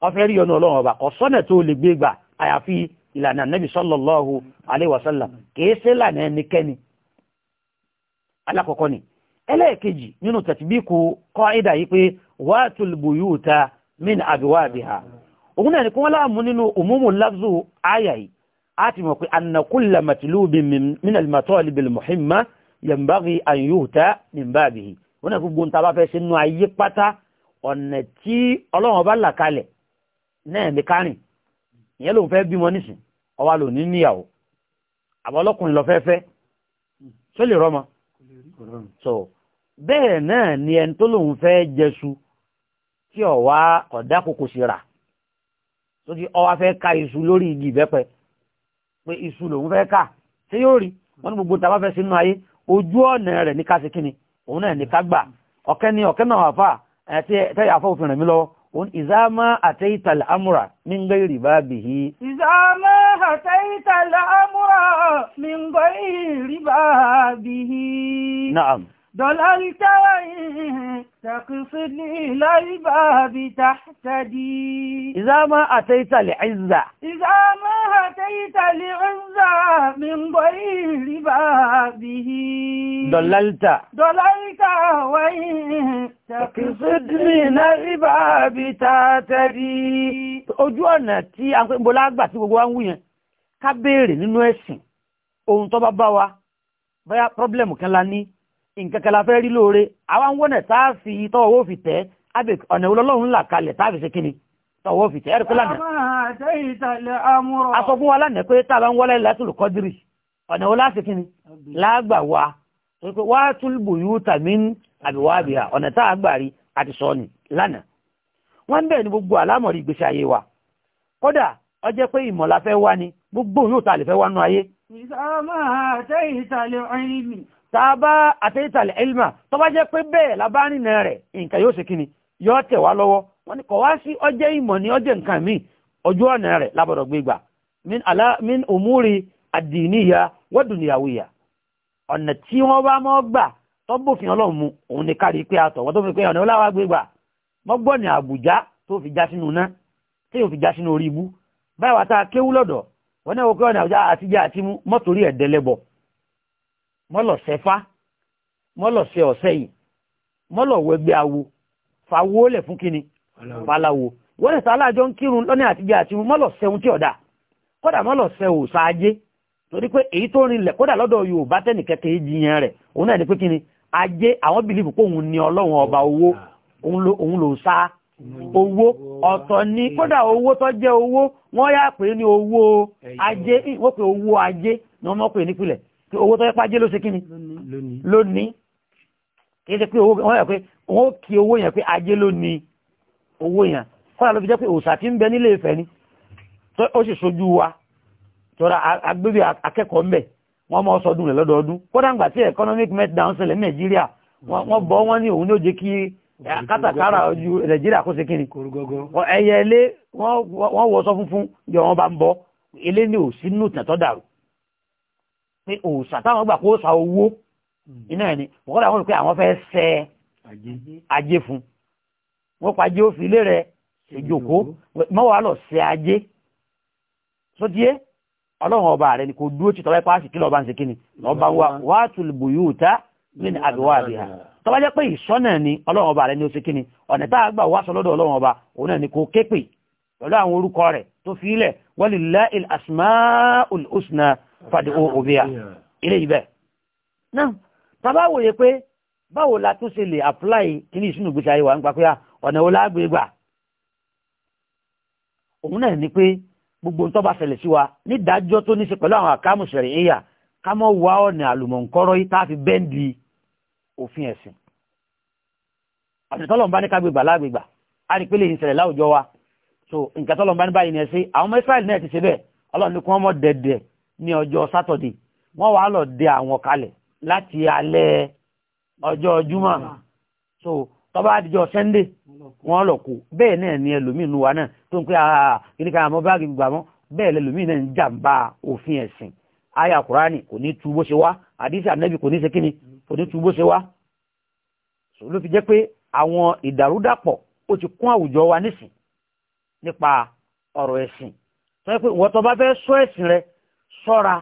ọfẹ́ rí ọ̀nà ọlọ́run ọba kò sọ́nà tó lè gbé gbà àyàfi ìlànà nẹ́bí sallallahu alaihi wasallam kìí ṣe lànà ẹnikẹ́ni alákọ̀ọ́kọ́ ni ẹlẹ́ẹ̀kejì nínú tẹ̀tí bí kù qaida yìí pé watul buyuta min abwabiha òun náà ni kí wọ́n láàmú nínú umumu lafzu àyà yìí á ti mọ̀ pé anna kulla matlubin min al-matalib wọn náà gbogbo nta bá fẹ́ sínú ayé pátá ọ̀nà tí ọlọ́run ọba là kalẹ̀ náà mi kárìn ìyẹn lòun fẹ́ bímọ nísìn ọwa lò ní níyàwó àbọ̀ ọlọ́kùnrin lọ fẹ́ẹ́ fẹ́ tó lè rọmọ so bẹ́ẹ̀ náà ni ẹni tó lòun fẹ́ jẹṣu tí ọ̀wá ọ̀dá kòkò sí rà tó ti ọwá fẹ́ ka iṣu lórí igi ìbẹ́pẹ pé iṣu lòun fẹ́ ká ṣé yóò rí wọn ní gbogbo tá bá fẹ́ sínú ayé ojú ọ̀nà rẹ̀ ní ká òun náà ní kágbà ọ̀kẹ́ ni ọ̀kẹ́ náà wà fà àti tẹ́yà afọ́ òfin rẹ̀ mí lọ́wọ́ òun ìzámá àtẹ́yìtà l'ámúra mi ń gbẹ́rì bá bì í. ìzámá àtẹ́yìtà l'ámúra mi ń gbẹ́rì bá bì í. naam. ضللت وإن تقصدني الألباب تحتدي إذا ما أتيت لعزة إذا ما أتيت لعزة من غير بابه ضللت ضللت وإن تقصدني الألباب تحتدي ojú ọ̀nà tí a ń pè bọ́lá àgbà tí gbogbo wa ń wù yẹn ká béèrè nínú ẹ̀sìn ohun tó bá bá wa bóyá pọ́blẹ́mù kan la ní nǹkankan la fẹ́ rí lóore àwa ń wọ́nà tá a fi tọ́wọ́ fi tẹ́ abẹ ọ̀nà olólọ́run là kalẹ̀ tá a fi ṣe kíni tọ́wọ́ fi tẹ́ ẹ̀rọ lánàá. a sọ fún wa lánàá pé tá a bá ń wọlé látòlù kọ́dírì ọ̀nà wo láti kíni lágbà wa pé wá túlùbù yóò tàmí àbíwá àbíyá ọ̀nà tá a gbà rí àti sọ ni lánàá. wọ́n ń bẹ̀ ní gbogbo àlámọ̀rí ìgbésí ayé wa kódà ọjẹ́ pé ìmọ̀ ni gbogbo yóò ta lè tàbá àtẹ́yítàlẹ̀ ilma tó bá jẹ́ pé bẹ́ẹ̀ labánínà rẹ̀ nǹkan yóò ṣe kíni yóò tẹ̀ wá lọ́wọ́ wọn ni kò wá sí ọjẹ́ ìmọ̀ ní ọjẹ́ nǹkan míì ojú ọ̀nà rẹ̀ lábọ̀dọ̀ gbégbà min ala min umuri àdìníyà wọ́dùnìyàwóyà ọ̀nà tí wọ́n bá mọ́ gbà tó bófin ọlọ́run mu òun ni kárí pé àtọ̀ wọ́n tó fi pé ọ̀nà ọláwà gbégbà mọ́gbọ́n ní àbújá tó fi já sínú ná tí yóò fi já sínú orí ibú báyìí wà tá a kéwú lọ́dọ̀ wọ́n mọ́lọ̀sẹ́fá mọ́lọ̀sẹ́ ọ̀sẹ́ yìí mọ́lọ̀wẹ́gbẹ́ awo fàwọ́ lẹ̀ fún kíni fàlàwò wọ́n lẹ̀ sàlájọ́ ń kírun lọ́ní àtijọ́ àti mọ́lọ̀sẹ́ ohun tí ọ̀dà kódà mọ́lọ̀sẹ́ ò sáájé torí pé èyí tó rinlẹ̀ kódà lọ́dọ̀ Yorùbá tẹ́nìkẹ́kẹ́ jiyàn rẹ̀ òun náà ni pé kíni ajé àwọn bìlífù pé òun ni ọlọ́run ọba owó ah. òun ló sá owó ọ̀tọ̀ ni kódà owó tó jẹ́ owó wọ́n yá pé ní owó ajé wọ́n pè owó ajé ni wọ́n mọ̀ pé nípìnlẹ̀ owó tó yẹ pàjẹ́ ló ṣe kí ni lónìí kì í ṣe pé owó wọn yẹ pé wọn ó kí owó yẹn pé ajé ló ní owó yẹn kọ́lá ló fi jẹ́ pé òòṣà tí ń bẹ nílé Ifẹ̀ ni ó sì sojú wa tọ́ra agbébí akẹ́kọ̀ọ́ mbẹ̀ wọ́n mọ́ sọdún rẹ̀ lọ́dọọdún kódà ńgbà tí economic meltdown ṣẹlẹ̀ ní Nàìjíríà wọ́n bọ́ wọ́n ní òun ní ó jẹ́ kí eh, kátàkárà ojú Nàìjíríà kó ṣe kí ni ẹ̀yẹ ilé wọ́n wọ́ sọ funfun yọ wọn bá ń bọ́ ilé ní òsínú tẹ̀tọ́ dàrú pé òòsà táwọn gbà kó sa owó hmm. iná ẹni wọ́n làwọn pé àwọn fẹ́ sẹ ajé fún wọ́n pa ajé ó fi ilé rẹ̀ ìjòkó mọ́wàá lọ sẹ ajé sótíé ọlọ́run ọba rẹ̀ ni kò dúró tí tọ́wẹ́ pàásì kí lọ́ba ń ṣe kíni lọ́ba wa wàátùl buyuta min abwabiha tọ́ba jẹ́ pé ìsọ́nà ni ọlọ́run ọba rẹ̀ ni ó ṣe kíni ọ̀nà tá a gbà wá sọ lọ́dọ̀ ọlọ́run ọba òun náà ni kò képè pẹ̀lú àwọn orúkọ rẹ̀ tó fi ilẹ̀ walillahil asmaul husna fàdí òbíà ilé ibẹ̀. náà tàbá wòye pé báwo la tún ṣe lè àpúláì kíní ìsúnú ìgbésí ayé wa ń pa pé ọ̀nà wo lágbè gbà. òun náà ni pé gbogbo ń tọ́ba ṣẹlẹ̀ sí wa nídàájọ́ tó ní ṣe pẹ̀lú àwọn àkámù ṣẹ̀rẹ̀ ẹ̀yà ká mọ́ wá ọ̀nà àlùmọ̀ǹkọ́rọ́ yìí tá a fi bẹ́ǹdì òfin ẹ̀sìn. àti ń ṣẹlẹ̀ so nǹkan tọ́lọ́mùbá ní báyìí ni ẹ ṣe àwọn ọmọ Israẹli náà ti ṣe bẹ́ẹ̀ Ọlọ́run ní ní ọjọ́ sátọ̀dé wọ́n wá lọ dé àwọn kalẹ̀ láti alẹ́ ọjọ́ júmọ̀ so tọ́ba àdìjọ́ sẹ́ndé wọ́n lọ kó bẹ́ẹ̀ náà ni ẹlòmínú wa náà tó ń pẹ́ ah, ah, kíníkà àmọ́ báàgì gbà mọ́ bẹ́ẹ̀ lẹ́lòmíì náà ń jàǹbá òfin ẹ̀sìn aya kùránì kò ní tu bó ṣe wá àdìsí ànábì kò ní ṣe kíni kò ní tu bó ṣe wá so ló fi jẹ́ pé àwọn ìdàrúdàpọ̀ ó ti kún àwùjọ wa nísìn nípa ọ̀rọ̀ ẹ̀sìn tó yẹ pé ìwọ́n tó bá fẹ́ sọ ẹ̀sìn rẹ̀ sọ́ra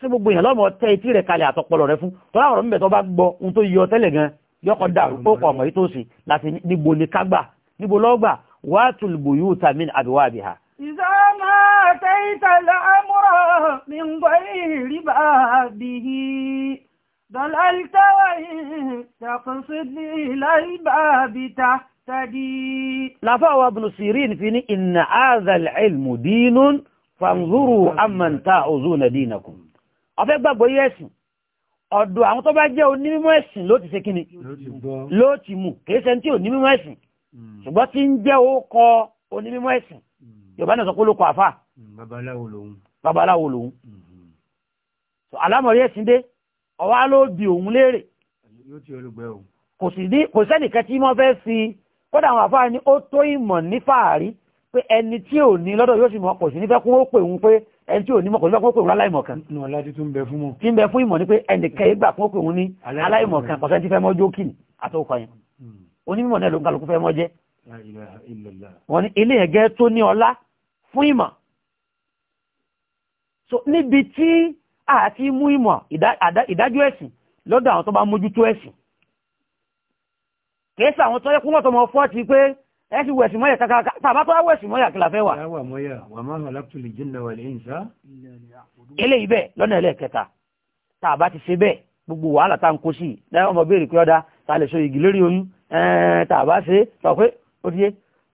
sí gbogbo èèyàn lọ́mọ tẹ́ etí rẹ̀ kalẹ̀ àtọpọlọ rẹ̀ fún tọ́lá ọ̀rọ̀ mímẹ̀ bá gbọ́ ohun tó yọ tẹ́lẹ̀ gan yọkọ̀ dà ó pọ̀ mọ̀ tó sì láti níbo ni kágbà níbo lọ́gbà wàátùl buyuta min abwabiha. ìzá máa tẹ́ ìtàlẹ́ àmúrọ̀ mi ń gbọ́ ìrìbà bìí ضللت وإن تقصد إلى الباب تهتدي لفاوى ابن سيرين فيني إن هذا العلم دين fanzuru amanta ozu nadinakum ọfẹ́ gbàgbọ́ yẹ ẹ̀sìn ọ̀dọ̀ àwọn tó bá jẹ́ onímọ̀ ẹ̀sìn ló ti ṣe kíni ló ti mú kìí ṣe tí onímọ̀ ẹ̀sìn hmm. ṣùgbọ́n tí ń jẹ́ ó kọ onímọ̀ ẹ̀sìn hmm. yorùbá náà sọ pé ló kọ àfà hmm, babaláwo lòun alámọ̀rí ẹ̀sìn dé ọwá ló bi òun léèrè kò sẹ́nìkan tí mo fẹ́ fi kódà àwọn àfáà ni ó tó ìmọ̀ ní fàárí pé ẹni tí ò ní lọ́dọ̀ yóò sì mọ̀ kò sí nífẹ́ kún ó pè ń pé ẹni tí ò ní mọ̀ kò sí ó pè ń aláìmọ̀ kan. nù ọ̀làdí tún bẹ fún mọ̀. tí ń bẹ fún ìmọ̀ ni pé ẹnìkẹ́ ìgbà kún ó pè ní aláìmọ̀ kan kọ̀sẹ́ ti fẹ́ mọ́ jókìn àtọ́kọ̀ yẹn. Hmm. onímọ̀ náà ló ń kálukú fẹ́ mọ́ jẹ́. wọ́n ní ilé yẹn gẹ́ tó ní ọlá fún ìmọ̀. so níbi tí a ti mú ìmọ̀ ìdájọ́ ẹ̀sìn lọ́dọ̀ àwọn tó bá mójútó ẹ̀sìn. kèésì àwọn tó yẹ kó wọ́n fọ́ọ̀tì pé ẹ ti wẹ̀sì mọ́yà kàkà tàbá tó wẹ̀sì mọ́yà kìlà fẹ́ wà. eléyìí bẹ́ẹ̀ lọ́nà ẹlẹ́ẹ̀kẹta tàbá ti ṣe bẹ́ẹ̀ gbogbo wàhálà tá n kó sí lẹ́yìn ọmọ béèrè pé ọ̀dà ta lè so igi lórí oyún tàbá ṣe sọ pé ó ti yé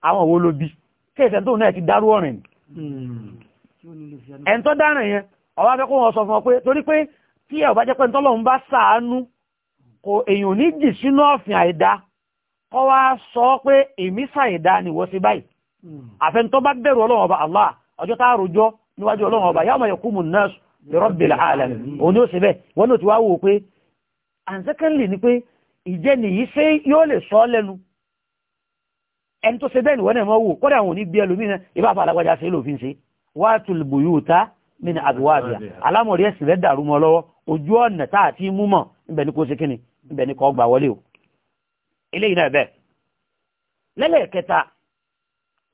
àwọn wo ló bi kí ẹsẹ̀ tóun náà ti dárú ọ̀rìn hmm. ẹ̀ ń tọ́ dárìn yẹn ọ̀wá fẹ́ kó wọn sọ fún ọ pé torí pé tí ẹ̀ ò jẹ́ pé ntọ́lọ́run bá ṣàánú kò èèyàn ò ní jì sínú ọ̀fìn àìdá kọ́ wá sọ pé èmi sàìdá ni wọ́n sí báyìí hmm. àfẹ́ntọ́ bá bẹ̀rù ọlọ́run ọba Allah ọjọ́ tá àròjọ́ níwájú ọlọ́run ọba yawma yaqumun nas li rabbil alamin hmm. òun ni ó sì bẹ́ẹ̀ wọ́n ní ó ti wá wò pé and secondly ni pé ìjẹ́ nìyí ṣé yóò lè sọ lẹ́nu ẹni tó ṣe ojú ọ̀nà táà ti mú mọ̀ níbẹ̀ ni kò gbà wọlé o eléyìí náà bẹ́ẹ̀ lẹ́lẹ́kẹta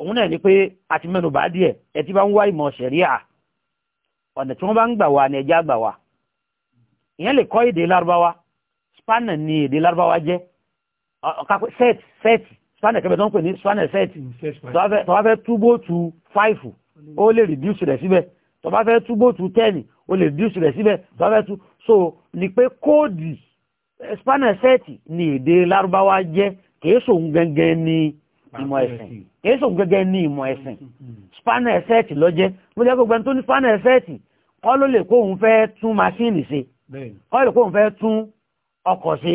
òun náà ni pé àti mẹ́nubà díẹ̀ ẹ ti bá ń wá ìmọ̀ ṣẹ̀ríà ọ̀nà tí wọ́n bá ń gbà wá ni ẹjẹ́ àgbà wá ìyẹn lè kọ́ èdè lárúbáwá spanner ni èdè lárúbáwá jẹ́ ọ̀kápẹ́ set set spanner kẹfẹ́ tó ń pè ní spanner set mm, tó bá fẹ́ túbó tu five ó lè reduce rẹ̀ síbẹ̀ tó bá fẹ́ túbó tu ten ó lè reduce rẹ̀ síbẹ̀ tó bá fẹ́ tu so ni pé kóòdì Spanish spanasẹ́ẹ̀tì ni èdè larubawa jẹ́ kèésò gẹ́gẹ́ ní ìmọ̀ ẹ̀sìn kèésò gẹ́gẹ́ ní Spanish ẹ̀sìn spanasẹ́ẹ̀tì lọ́jẹ́ mo jẹ́ gbogbo ẹni tó ní spanasẹ́ẹ̀tì kọ́ ló lè kóhun fẹ́ tún maṣíìnì ṣe kọ́ lè kóhun fẹ́ tún ọkọ̀ ṣe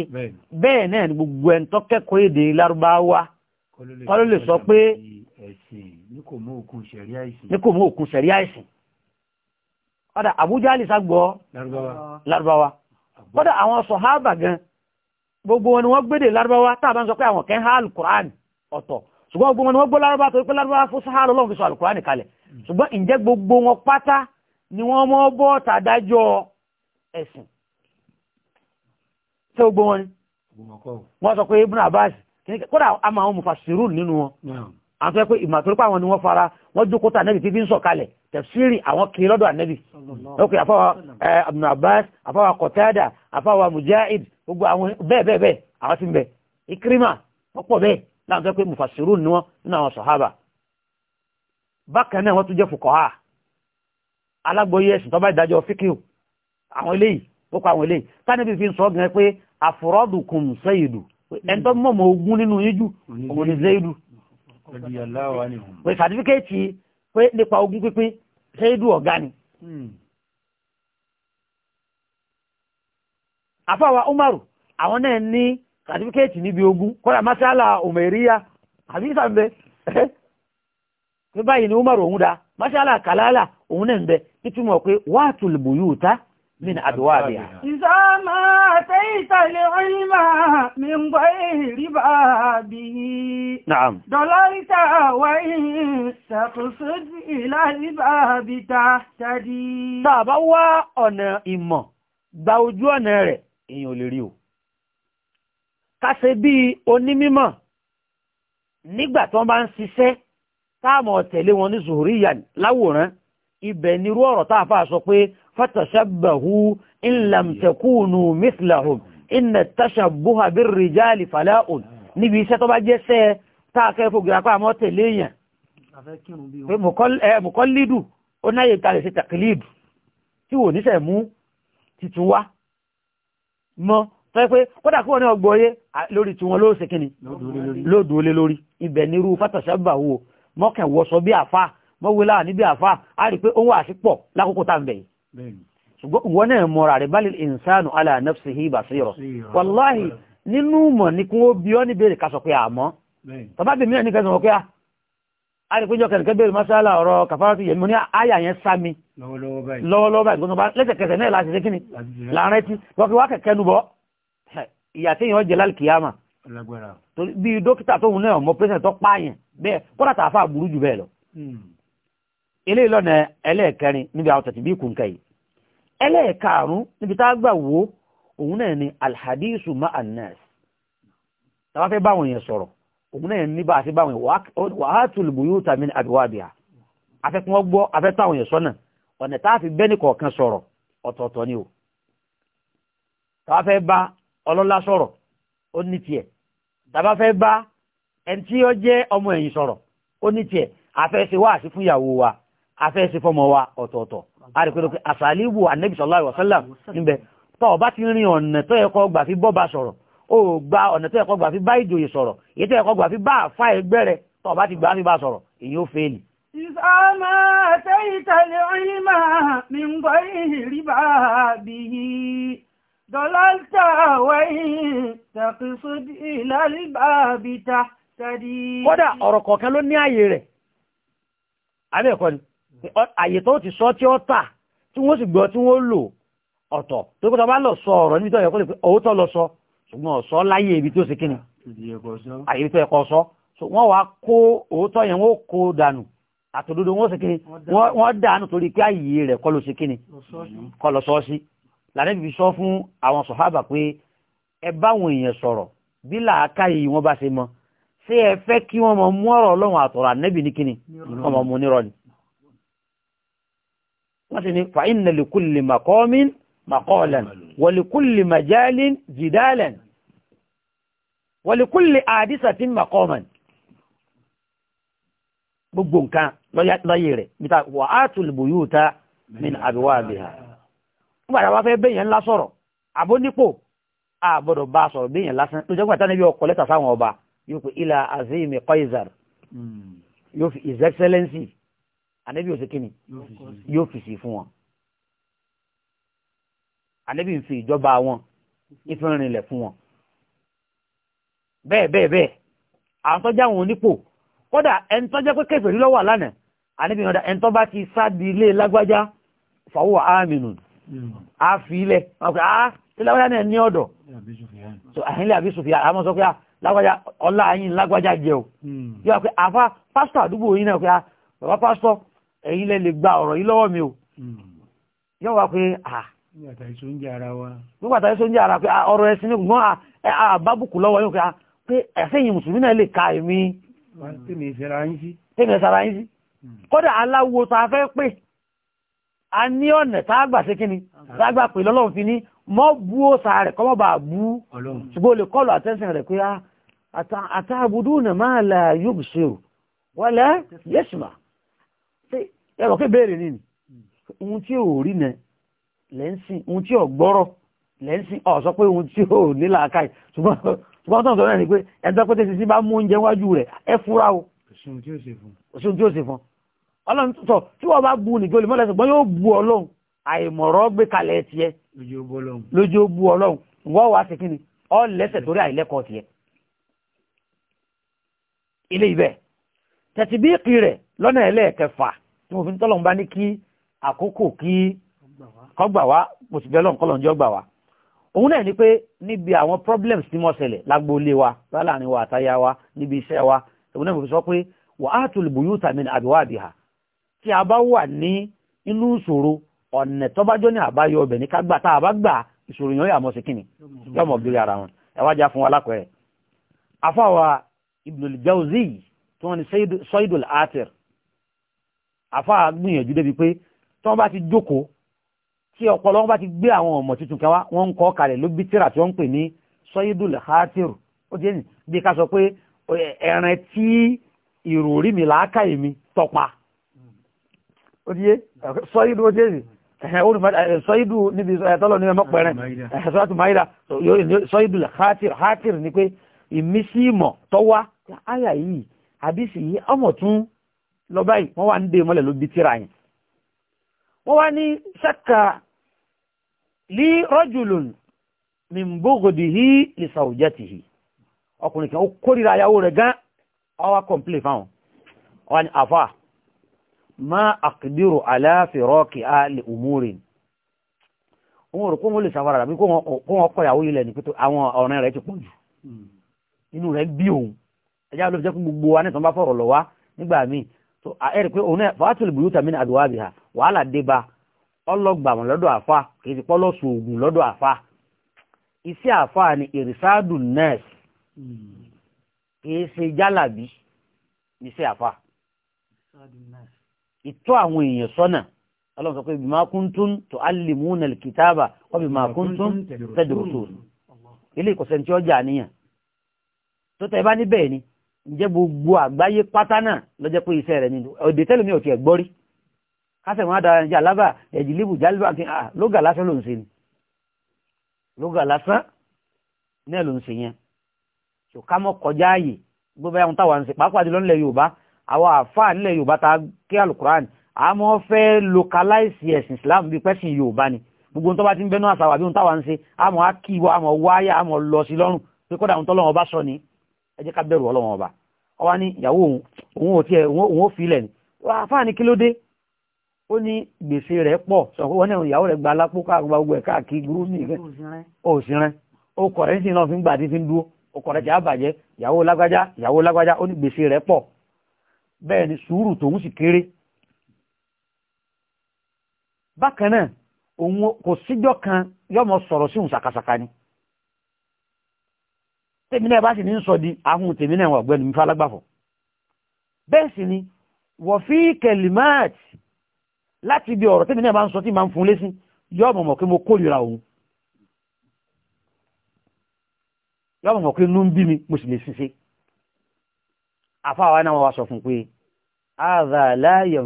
bẹ́ẹ̀ náà ni gbogbo ẹni tó kẹ́kọ̀ọ́ èdè lárúbáwá kọ́ ló lè sọ pé ní kò mú òkun ṣẹ̀rí àìsìn ọ̀dà Abu Jali sá gbọ́ lárúbáwá kódà àwọn sọ̀hábà gan gbogbo wọn ni wọ́n gbédè lárúbáwá tàbí sọ pé àwọn kẹ́ ha alukur'an ọ̀tọ̀ ṣùgbọ́n gbogbo wọn ni wọ́n gbọ́ lárúbá torí pé lárúbá fún sáhà lọ́wọ́ fi sọ kalẹ̀ hmm. ṣùgbọ́n gbogbo wọn pátá ni wọ́n mọ́ bọ́ tàdájọ́ ẹ̀sìn gbogbo wọn ni wọ́n sọ pé àmà nínú wọn àwọn fẹ́ pé ìmọ̀ àtúrò pé àwọn ni wọ́n fara wọ́n jókòó tà nẹ́bì tí fi ń sọ̀kalẹ̀ tẹ̀sírì àwọn kiri lọ́dọ̀ ànẹ́bì ok àfáwà Ibn Abbas àfáwà Qatada àfáwà Mujahid gbogbo àwọn bẹ́ẹ̀ bẹ́ẹ̀ bẹ́ẹ̀ àwọn ti ń bẹ Ikrima pọ̀pọ̀ bẹ́ẹ̀ láwọn fẹ́ pé mufassirun ni wọ́n nínú àwọn sọ̀hábà bákan náà wọ́n tún jẹ́ fuqaha alágbóyè ẹ̀sìn tó bá ìdájọ́ fíkìw àwọn eléyìí pé sàtífíkẹ́ẹ̀tì pé nípa ogún pínpín ṣéédù ọ̀gá ni. Hmm. àfáwà umaru àwọn náà ní sàtífíkẹ́ẹ̀tì níbi ogún kọ́ra masala omeriya àbí sàmbẹ́ pé báyìí ni umaru òun dá masala kalala òun náà ń bẹ nítumọ̀ pé wàá tùlùbù yóò ta. من أبوابها إذا ما أتيت العلم من غير بابه نعم ضللت وإن تقصد إلى الباب تهتدي tá a bá wá ọ̀nà ìmọ̀ gba ojú ọ̀nà rẹ̀ èèyàn ò lè rí o ká ṣe bí onímímọ̀ nígbà ibẹ̀ nírú ọ̀rọ̀ tá a fà sọ pé fatashabbahu in lam takunu mithlahum inna tashabbuha birrijali fala'un níbi iṣẹ́ tó bá jẹ́ sẹ́ tá a kẹ́ fògì apá àmọ́ tẹ̀lé yẹn pé mùkọ́lídù ó náyè ta lè ṣe tàkìlídù tí wò níṣẹ̀ mú titun kí wọ́n ní ọgbọ̀ lórí ibẹ̀ nírú fatashabbahu mọ́kànwọ́sọ bí àfáà mọ́wé láà níbi àfá a rí pé ó wà sí pọ̀ lákòókò tá ń bẹ̀ ṣùgbọ́n wọ́n náà mọ́ra rẹ̀ balil insanu ala nafsihi basira wàláhì nínú mọ̀ ní kún ó bí ọ́ ní bèèrè kásọ̀ pé àmọ́ tọ́bá bèèrè mìíràn ní kẹsàn ọkẹ́ a rí péjọ kẹ̀kẹ́ bèèrè masala ọ̀rọ̀ kàfárátì yẹn mo ní àyà yẹn sámi lọ́wọ́lọ́wọ́ báyìí gbọ́n bá eléyìí lọ́nà ẹlẹ́ẹ̀kẹrin níbi àwọn tẹ̀tìbí kùnkà yìí ẹlẹ́ẹ̀karùn-ún níbi tá a gbà wo òun náà ni alhadisu ma anas tàbá fẹ́ báwọn yẹn sọ̀rọ̀ òun náà ní bá a ti báwọn yẹn wàhátùl buyuta min abwabiha afẹ́kún ọgbọ́ afẹ́tàwọn yẹn sọ́nà ọ̀nà tá a fi bẹ́ẹ̀ ní kọ̀ọ̀kan sọ̀rọ̀ ọ̀tọ̀ọ̀tọ̀ ni o tàbá fẹ́ bá ọlọ́lá sọ̀rọ̀ ó ní tiẹ̀ tàbá fẹ́ bá ẹni tí ó jẹ́ ọmọ ẹ̀yìn sọ̀rọ̀ ó ní tiẹ̀ afẹ́ ṣe wáàsí fún ìyàwó wa afẹ́sí fọmọ wa ọ̀tọ̀ọ̀tọ̀ àríkọ́lọ́pẹ́ àsàlíbù ànẹ́bì sallallahu alaihi wasallam níbẹ̀ tó bá ti rin ọ̀nà tó yẹ kó gbà fi gba fi bá ìjòyè sọ̀rọ̀ èyí tó yẹ kó gbà fi bá àfa ẹgbẹ́ rẹ tó bá ti fi bá sọ̀rọ̀ èyí ó fẹ́ẹ̀lì. ìsàmà àtẹ́yìntàlẹ̀ ọ̀yìnmá mi ń gbọ́ ìrì bá bí i dọ́lọ́tà wẹ̀yìn tàkìsọ́dì ìlàlíbà bìtà tàdí. kódà ọ̀rọ̀ kọ̀ọ̀kan ló ní ààyè rẹ̀ abẹ́ẹ̀kọ́ ni àyè tó ti sọ tí ó tà tí wọ́n sì gbọ́ tí wọ́n lò ọ̀tọ̀ tó kó tó bá lọ sọ ọ̀rọ̀ níbi tó yẹ kó lè pé owó tó lọ sọ ṣùgbọ́n ọ̀sọ́ láyé ibi tó ṣe kíni àyè tó yẹ kó sọ wọ́n wá kó owó tó yẹn wọ́n kó dànù àtòdodo wọ́n ṣe kíni wọ́n dànù torí pé àyè rẹ̀ kọ́ ló ṣe kíni kọ́ lọ sọ sí lànà bíbí sọ fún àwọn sọ̀hábà pé ẹ báwọn èèyàn sọ̀rọ̀ bí làákàyè wọn bá ṣe mọ ṣé ẹ fẹ́ kí wọ́n mọ mú ọ̀rọ̀ ọlọ́run àtọ̀rọ̀ ànẹ́bì ní kíni wọ́n mọ mú nírọ̀ ni wọ́n sì ní fàínà lìkúlì makọ́mín makọ́ọ̀lẹ̀n wọ̀lìkúlì majalin jidalen wọ̀lìkúlì àdísàtín makọ́mọ̀n gbogbo nǹkan lọ́yẹ rẹ̀ níta wà á tùlùbù yóò ta min àbíwá àbíhà nígbàdà wá fẹ́ bẹ́yẹn ńlá sọ̀rọ̀ àbó nípò àbọ̀dọ̀ bá sọ̀rọ̀ bẹ́yẹn lásán tó jẹ́ pàtàkì bí ọkọ̀ lẹ́tà sáwọn ọba yóò pe ilà azimi Qaisar hmm. yóò fi his excellency ànábì ò ṣe kí ni yóò fi sí fún wọn ànábì ń fi ìjọba wọn ìfẹ́rinlẹ̀ fún wọn bẹ́ẹ̀ bẹ́ẹ̀ bẹ́ẹ̀ àwọn tó jáwọn onípò kódà ẹni tó jẹ́ pé kèfèrí ló wà lánàá ànábì ọ̀dà ẹni tó bá ti sáàdì ilé lágbájá fàwọ́ àmìnù àfilẹ̀ ọ̀pẹ́ àá ah, tí lágbájá náà ní ọ̀dọ̀ àhínlẹ̀ àbí sùfìyà àmọ́ sọ pé ah, lágbájá ọlá ayín lágbájá jẹ́ o hmm. yóò pé àfa pásítọ̀ àdúgbò yín náà pé ah, bàbá pásítọ̀ ẹ̀yin lẹ lè gba ọ̀rọ̀ yìí lọ́wọ́ mi o hmm. yóò wá pé à nígbàtà èso ń jẹ ara pé ọ̀rọ̀ ẹ̀sìn ní gbọ́n àbábùkù lọ́wọ́ yóò pé ẹ̀sẹ̀yìn mùsùlùmí náà lè ka èmi tèmi ìsara yín sí hmm. kódà aláwo tá a fẹ́ pè a ní ọ̀nà tá a gbà sí kíni tá a gbà pè lọ́lọ́run fi ní mọ́ bú ó sa rẹ̀ kọ́mọ́ bá bú ṣùgbọ́n o lè kọ́lù àtẹ́sìn rẹ̀ pé àtàbùdù náà máa ẹ̀rọ kí béèrè ni. Hmm. ohun tí ò rí nẹ lẹ́ǹsìn ohun tí ò gbọ́rọ̀ lẹ́ǹsìn ọ̀ sọ pé ohun tí ò ní làákàyè ṣùgbọ́n tó ń sọ náà ni pé ẹ̀dọ́ pété sísí bá mú oúnjẹ wájú rẹ̀ ẹ fúra o òṣùn tí ó ṣe fún ọlọ́run sọ tí wọ́n bá bu nìgbẹ́ olùmọ́lẹ̀ ṣùgbọ́n yóò bu ọlọ́run àìmọ̀rọ̀ gbé kalẹ̀ tiẹ̀ lójú ó bu ọlọ́run wọ́n wá sí kíni ọ lẹ́sẹ̀ torí àìlẹ́kọ̀ọ́ tiẹ̀ ilé ibẹ̀ tẹ̀síbíìkì rẹ̀ lọ́nà ẹlẹ́ẹ̀kẹfà tí mo fi ń tọ́lọ̀ ń bá ní kí àkókò kí kọ́gbà wá mo sì bẹ́ẹ̀ lọ́n kọ́lọ̀ ń gbà wá. òun náà ni pé níbi àwọn problems tí mo ṣẹlẹ̀ lágbóolé wa láàrin wa àtayá wa níbi iṣẹ́ wa òun náà mo fi sọ pé wa atul buyuta min abwabiha tí a bá wà ní inú ìṣòro ọ̀nà tó bá jọ ní àbáyọ ọbẹ̀ ní kágbà tá a bá gbà ìṣòro yẹn yàmọ̀ sí kíni yọmọ̀ gbére ara wọn ẹ wá já fún wa lákọ̀ọ́rẹ́ afáwa Ibnul Jawzi tí wọ́n ní àfa gbìyànjú débi pé tí wọ́n bá ti jókòó tí ọpọlọ wọn bá ti gbé àwọn ọmọ tuntun kan wá wọ́n ń kọ́ kalẹ̀ ló bí tíra tí wọ́n ń pè ní sọ́yídùl khatir ó ti ẹ̀yìn bí ká sọ pé ẹ̀rìn tí ìròrí mi làákà èmi tọpa ó ti yé sọ́yídù ó ti ẹ̀yìn sọ́yídù níbi ẹ̀tọ́lọ̀ ní ẹmọ́ pẹ̀rẹ̀ ẹ̀sọ́tù máìdá sọ́yídù khatir ni pé ìmísí ìmọ̀ tọ́wá àyà yìí àbísí yìí ọmọ tún lọ báyìí wọ́n wá ń dé mọ́lẹ̀ ló bí tíra yìí wọ́n wá ní ṣaka lí rọ́jùlùn min bughdihi li zawjatihi ọkùnrin kan ó kórìíra ayáwó rẹ̀ gan ọwá kọ̀m̀plé fáwọn wá ní àfà ma aqdiru ala firaqi li umurin òun rò kó wọn lè ṣàfara rà bí kó wọn kọ ìyàwó ilẹ̀ ní pé àwọn ọ̀rẹ́ rẹ̀ ti pọ̀ jù hmm. inú rẹ̀ bí òun ẹ̀já ló fi jẹ́ kó gbogbo wa nítorí wọn bá fọ̀rọ̀ lọ wá nígbà míì tó ẹ̀rì pé òun náà fàátìlì buyuta min adwabiha wàhálà dé bá ọlọ́gbà wọn lọ́dọ̀ àfa kì í ti pọ́ lọ́sùn oògùn lọ́dọ̀ àfa iṣẹ́ àfa ni ìrìsáàdù nẹ́ẹ̀sì kì í ṣe jálàbí iṣẹ́ àfa ìtọ́ àwọn èèyàn sọ́nà ọlọ́run sọ pé bima kuntum tu'allimuna al-kitaba wa bima kuntum tadrusun ilé ìkọ̀sẹ̀ ní tí ọjà níyàn tó tẹ̀ bá níbẹ̀ ni ǹjẹ́ gbogbo àgbáyé pátá náà lọ́jọ́ pé iṣẹ́ rẹ̀ nínú òde tẹ́lẹ̀ mi ò tiẹ̀ gbọ́rí kásẹ̀ wọn dára níjà lábà ẹ̀jì líbù jálíbà kí ah lóga lásán ló ń ṣe ni lóga lásán náà ló ń ṣe yẹn tó ká mọ́ kọjá ààyè gbogbo àwọn táwa ń ṣe pàápàá jùlọ nílẹ̀ yorùbá àwọn àfáà nílẹ̀ yorùbá ta kí alukurani àmọ́ fẹ́ localize ẹ̀sìn islam bíi pẹ́sìn yorùbá ni gbogbo ohun tó bá ti ń bẹ́nu àṣà wà bí ohun táwa ń ṣe àmọ́ á kí ìwọ wáyà àmọ́ lọ sí lọ́rùn pé kódà ohun tọ́lọ́run ọba sọ ni ẹ jẹ́ ká bẹ̀rù ọlọ́wọ́n ọba ọwá ní ìyàwó òun òun ò tiẹ̀ òun ò fi ilẹ̀ ni àfáà ní kí ló dé ó ní gbèsè rẹ̀ pọ̀ sọ pé wọ́n náà ìyàwó rẹ̀ gba alápò káàkiri gbogbo ẹ̀ káàkiri gbúrú ní ìgbẹ́ òsìnrẹ́ ó kọ̀ rẹ̀ ń sìn náà fi ń gbà tí fi ń dúró ó kọ̀ rẹ̀ jà ìyàwó lágbájá ìyàwó lágbájá ó ní gbèsè rẹ̀ pọ̀ bẹ́ẹ̀ ni sùúrù tòun sì kéré bákan náà òun kò síjọ́ kan yọ́mọ sọ̀rọ̀ sí òun ṣàkàṣàkà ni tèmi náà bá sì ní sọ di ahun tèmi náà wà gbẹ́nu mi falágbàfọ̀ bẹ́ẹ̀ sì ni wọ̀ fí kẹlìmáàtì láti ibi ọ̀rọ̀ tèmi náà bá ń sọ tí máa ń fún lé sí yọ ọmọ mọ̀ pé mo kórìíra òun yọ ọmọ mọ̀ pé inú ń bí mi mo sì lè ṣiṣẹ́ àfáwa náà wà sọ fún pé ààrẹ aláyẹ̀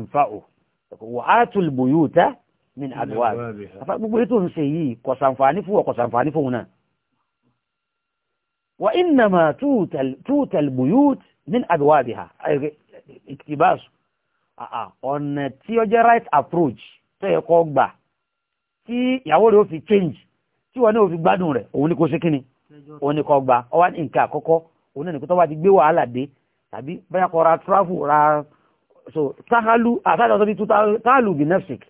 ń وإنما توت توت البيوت من أبوابها اقتباس ọ̀nà tí ó jẹ́ right approach tó yẹ kó gbà tí ìyàwó rẹ̀ ó fi change tí wọ́n ní ó fi gbádùn rẹ̀ òun ni kò ṣe kíni òun ni kó gbà ọwá ní nǹkan àkọ́kọ́ òun náà nìkan tó bá ti gbé wàhálà dé tàbí báyà kọ́ ra travel ra so sáhálù àtàlù tó bí sáhálù bí nefsic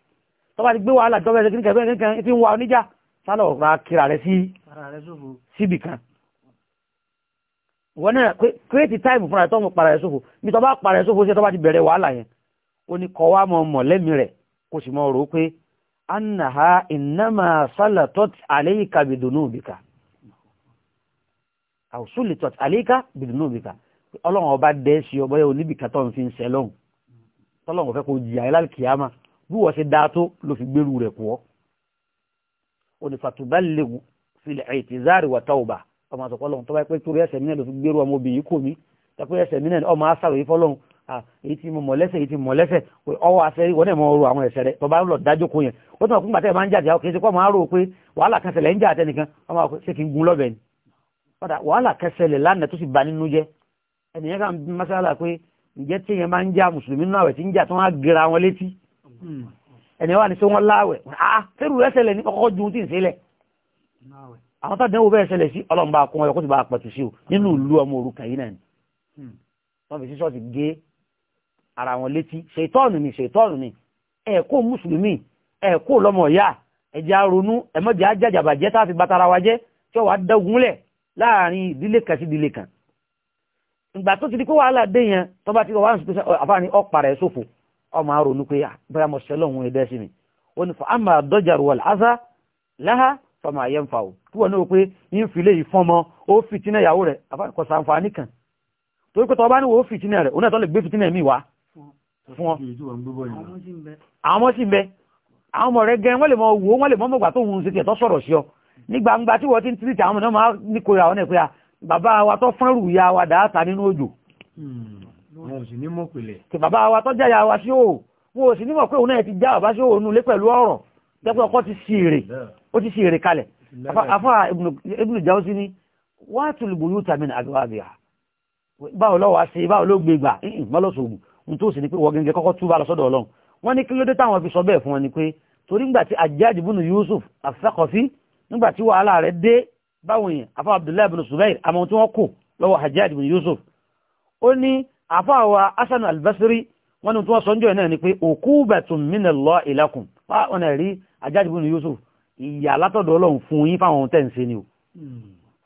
tó bá ti gbé wàhálà tó bá ti kíni kẹ́kẹ́ kẹ́kẹ́ ti ń wa oníjà sálọ̀ ra kíra rẹ̀ sí síbì kan wọ́n náà kírètì táìmù fúnra tó ń para ẹ̀ sófo mi tó bá para ẹ̀ sófo ṣe tó bá ti bẹ̀rẹ̀ wàhálà yẹn ó ní kọ́ wá mọ̀ mọ̀ lẹ́mìí rẹ̀ kó sì mọ̀ rò ó pé annaha innama salatot alayka bidunubika àwùsùlìtọ̀t àlíká bìdùnúbìkà ọlọ́run ọba dẹ́ ọbọ̀ yóò níbi kàtọ́ ń fi ń sẹ́lọ́hùn tọ́lọ́run fẹ́ kó jìyà ẹlálìkìyàmá bí wọ́n ṣe dá tó ló fi gbèrú rẹ̀ pọ̀ ó ní fàtúbálẹ̀wù filẹ̀ ẹ̀tìzáàrí wà tọ́ọ̀bà ọmọ àtọ̀kọ́ lọ́hùn tó bá pé torí ẹsẹ̀ mi náà ló fi gbérú ọmọ obìnrin kò mí tẹ́pẹ́ ẹsẹ̀ mi náà ọmọ asàròyé fọ́lọ́hùn èyí tí mo mọ̀ lẹ́sẹ̀ èyí tí mo lẹ́sẹ̀ ọwọ́ àṣẹ ìwọ náà mọ ọrọ̀ àwọn ẹ̀ṣẹ̀ rẹ tó bá ń lọ dájókòó yẹn ó tún ọkùnrin gbàtẹ́ máa ń jáde àwọn kìí ṣe kọ́ máa rò pé wàhálà kan ń jà àtẹnìkan ọmọ àwọn ṣe kì í gun lọ́bẹ̀ ni padà wàhálà kan lánàá tó sì ba nínú jẹ́ ẹnìyẹn kà masala pé ǹjẹ́ tí yẹn máa ń já mùsùlùmí náà wẹ̀ tí ń jà tó wọ́n á wọn létí hmm. ẹnìyẹn wà ní sọ wọn láwẹ̀ ah fẹ́rù rẹ ṣẹlẹ̀ ní kọ́kọ́ ju ti àwọn tàdánwò bẹ́ẹ̀ ṣẹlẹ̀ sí ọlọ́run bá kún ọyọ kó ti bá pẹ̀tù sí o hmm. nínú ìlú ọmọ òrukàn yìí náà ni hmm. wọ́n fi sí ṣọ́ọ̀tì gé ara wọn létí ṣètọ́ọ̀nù ni ṣètọ́ọ̀nù ni ẹ̀ kó mùsùlùmí ẹ̀ kó lọ́mọ ọ̀yá ẹ̀jẹ̀ aronú ẹ̀mọ́jẹ̀ ajájàbàjẹ́ tá a fi batara wa jẹ́ tí wàá dẹ́gunlẹ̀ láàrin ìdílé kan sí ìdílé kan ìgbà tó ti di pé wàhálà dé yẹn tó bá ti wà ní pèsè àfáàní ọ̀pá sófo ọmọ aronú pé ah, bóyá mo ṣẹlẹ̀ òun ẹ̀dẹ́ sí mi ó ní fọ àmà àdọ́jà rúwọ̀lá áza láhà fọmọ ayé ń fa o tí wọ́n ní o pé yín fi lè fọmọ ó fìtínà ìyàwó rẹ̀ kọ̀sánfàní kan torí pé tọ́ bá ní wo fìtínà rẹ̀ onáà tó lè gbé fìtínà mi wá fún ọ àwọn ọmọ sí ń bẹ àwọn ọmọ rẹ̀ gẹ́ wọ́n sí ń tìrìtì àwọn náà máa ní kórè àwọn ẹ̀pẹ́ bàbá wa tó fọ́nrù ya wa dáàtà nínú òjò hmm. bàbá wa tó jáya wa sí òò wọn ò sì nímọ̀ pé òun náà ti ó ti ṣe èrè kalẹ̀ afá Ibn Jawzi ni watul buyuta min abwabiha báwo lọ́wọ́ ṣe báwo ló gbé gbà mọ́lọ́sọ̀gùn ní tó sì ní pé wọ́n gẹ́gẹ́ kọ́kọ́ túbà lọ́sọ́dọ̀ ọlọ́run wọ́n ní kí ló dé táwọn fi sọ bẹ́ẹ̀ fún wọn ni pé torí ńgbà tí Hajjaj ibn Yusuf As-Saqafi nígbà tí wàhálà rẹ̀ dé báwọn yẹn afá Abdullahi ibn Subair àmọ́ tí wọ́n kò lọ́wọ́ Hajjaj ibn Yusuf ó ní afá wa asanu al-Basri wọ́n ní tí wọ́n sọ ń jọ náà ni pé uqubatun min Allah ilakum wọ́n rí Hajjaj ibn Yusuf ìyà látọ̀dọ̀ ọlọ́run fún yín fáwọn tẹ́ ń ṣe ni o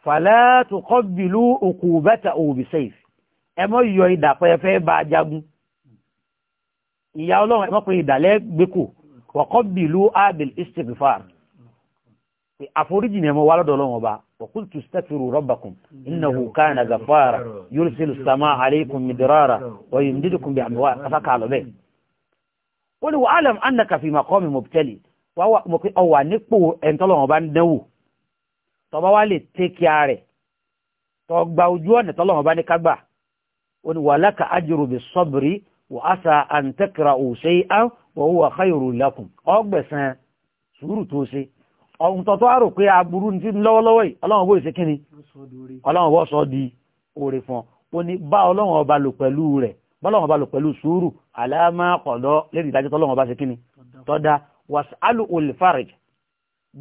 fala tuqabbilu uqubatahu bisayf ẹ mọ́ yọ ìdà pẹ́ẹ́fẹ́ bá a jagun ìyà ọlọ́run ẹ mọ́ pé ìdàlẹ́ gbẹ́kò wa qabbilu bil istighfar àforíjì ni ẹ mọ́ wá lọ́dọ̀ ọlọ́run ọba wa qultu istaghfiru rabbakum innahu kana ghaffara yursilu as-samaa alaykum midrara wa yumdidukum bi amwal afaka lo be qul wa alam annaka fi maqamin mubtali wá wà mọ̀ pé ọ wà nípò ẹ̀ńtọ́lọ́wọ́n bá ń dánwò tọba wá lè tẹ́kí rẹ̀ tọgbà ojú ọ̀nà tọ́lọ́wọ́n bá ní kágbà ó ní wàlákà ajru bi sabri wa asa an takra'u shay'an wa huwa khayrun lakum ọgbẹ̀sán sùúrù tó ṣe ọ̀hún àrò pé aburú ti ń lọ́wọ́lọ́wọ́ yìí ọlọ́wọ́n bó ṣe kíni ọlọ́wọ́n bó sọ wasalu olùfarij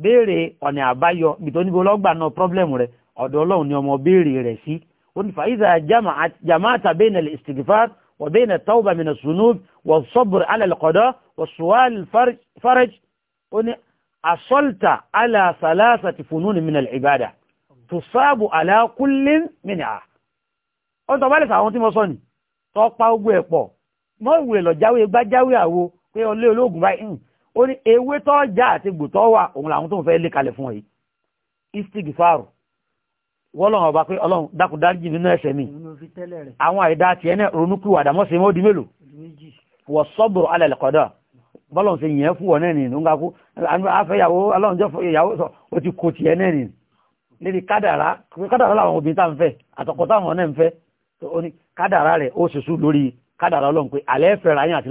béèrè ọ̀nà àbáyọ gbìtọ́ níbi ọlọ́gbà náà pọ́blẹ́mù rẹ̀ ọ̀dọ̀ ọlọ́run ni ọmọ béèrè rẹ̀ sí ó ní fàyíṣà jamaata bẹ́ẹ̀ nà istigfar wà bẹ́ẹ̀ nà tawba mina sunub wà sọ́bùrù alẹ́ lọ́kọ̀dọ́ wà suwal farij ó ní asọ́lta ala ti funú ni mina ibada tó sáàbù ala kullin ó ní tọ́balẹ̀ sàwọn tí mo sọ ni tọ́pa ogun ẹ̀pọ̀ mọ́ ìwé lọ jáwé àwo pé ọlé ológun báyìí hmm, ó ní ewé tó já àti gbòtọ́ wà òun làwọn tó ń fẹ́ lé kalẹ̀ fún yìí istig faro wọ́lọ́n ọba pé ọlọ́run nínú mi àwọn àìdá tiẹ̀ náà ronúkú àdámọ́sẹ̀ mọ́ di mélòó wọ́n sọ́bùrù alẹ́ bọ́lọ̀ ṣe yẹn fún wọn náà nìyí afẹ́yàwó ọlọ́run jọ ìyàwó sọ ti kó tiẹ̀ náà nìyí lédi kádàrá kádàrá làwọn obìnrin tá ń fẹ́ àtọkọ táwọn náà ń fẹ́ kádàrá rẹ̀ ó ṣèṣú lórí kádàrá ọlọ́run pé alẹ́ yín àti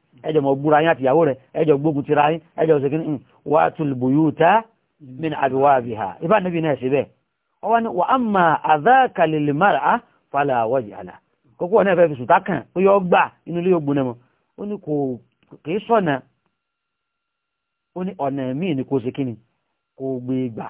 ẹjọ mọ búra yín ti ìyàwó rẹ ẹjọ gbógun ra yín ẹjọ ṣe kìíní mm, wà á tún bùyú ta min àdúrà bí ha ibà níbi náà ṣe bẹ́ẹ̀ ni wà á mà mara á falà wọ́jì àlà kókó wọn náà fẹ́ fi sùtá kàn ó yọ gbà inú ilé yóò ó ní kò sọ̀nà ó ni kò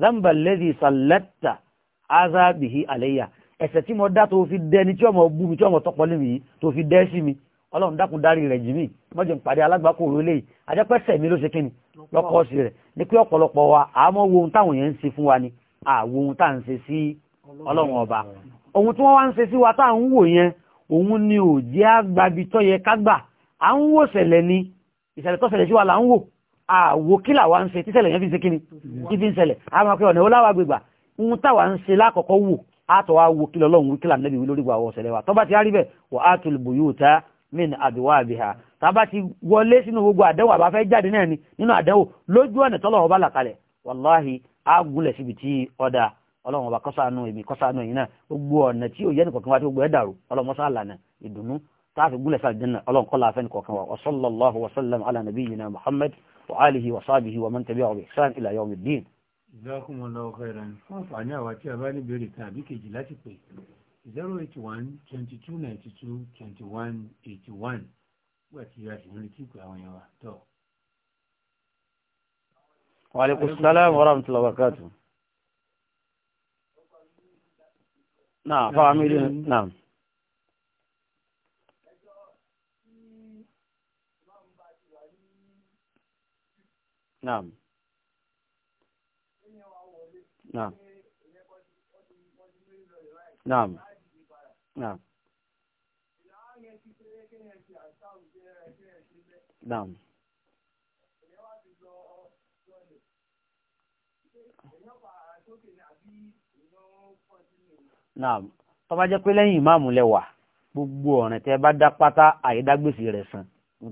zamba lẹ́dí sàlẹ́tà azábìhí àlẹ́yà ẹ̀ṣẹ̀ tí mo dá tó fi dẹ́ ni tí ọmọ bú mi tí ọmọ tọpọlé mi yìí tó fi dẹ́ sí mi ọlọ́run dákun dárí rẹ̀ jì mí mo jẹ́ n pàdé alágbàkó òru eléyìí ajẹ́pẹ́sẹ̀ mi ló ṣe kíni lọ́kọ́ sí rẹ̀ ni pé ọ̀pọ̀lọpọ̀ wa àmọ́ wo ohun táwọn yẹn ń ṣe fún wa ni àwo ohun tá à ń ṣe sí ọlọ́run ọba ohun tí wọ́n wá ń ṣe sí wa tá à ń wò yẹn òun ni ò àwò kí làwa ń ṣe títẹ̀lẹ̀ yẹn fi ń ṣe kíni ibi ń ṣẹlẹ̀ a máa pẹ́ ọ̀nà oláwà gbègbà ń táwa ń ṣe lákọ̀ọ́kọ́ wò àtọ̀ wa wò kí lọ́lọ́run kí lànà ìwé lórí wàwọ̀ ṣẹlẹ̀ wa tọ́ bá ti rí bẹ́ẹ̀ wà á tún bù yóò ta min àdúwà àbíhà tá a bá ti wọlé sínú gbogbo àdẹ́wò àbáfẹ́ jáde náà ni nínú àdẹ́wò lójú ọ̀nà tọ́lọ́run ọba làkalẹ̀ wàláhì á gúnlẹ̀ síbi tí ọ̀dà ọlọ́run ọba kọ́sánú èmi kọ́sánú ẹ̀yin náà gbogbo ọ̀nà tí òye nìkọ̀kan wá tí gbogbo ẹ̀ dàrú ọlọ́run mọ́sá lànà ìdùnnú táàfin gúnlẹ̀ sáà jẹ́nà ọlọ́run kọ́lá afẹ́ nìkọ̀kan wa wa sallallahu wa sallam ala nabiyyina muhammad وآله وصحبه ومن تبعه بإحسان إلى يوم الدين جزاكم الله خيرا وفعنا واتي أبالي بيري تابيك جلاتي بي 081-2292-2181 wàtí àṣìyàn tí kò àwọn èèyàn wa tọ́ wa alaikum salaam wa rahmatullahi wa barakatuh náà fáwọn mílíọ̀nù náà Naam. Naam. Naam. Naam. Naam. Naam. Tó bá jẹ́ pé lẹ́yìn ìmáàmù lẹ́wà, gbogbo ọ̀rìn tẹ́ bá dá pátá àìdágbèsè rẹ̀ san,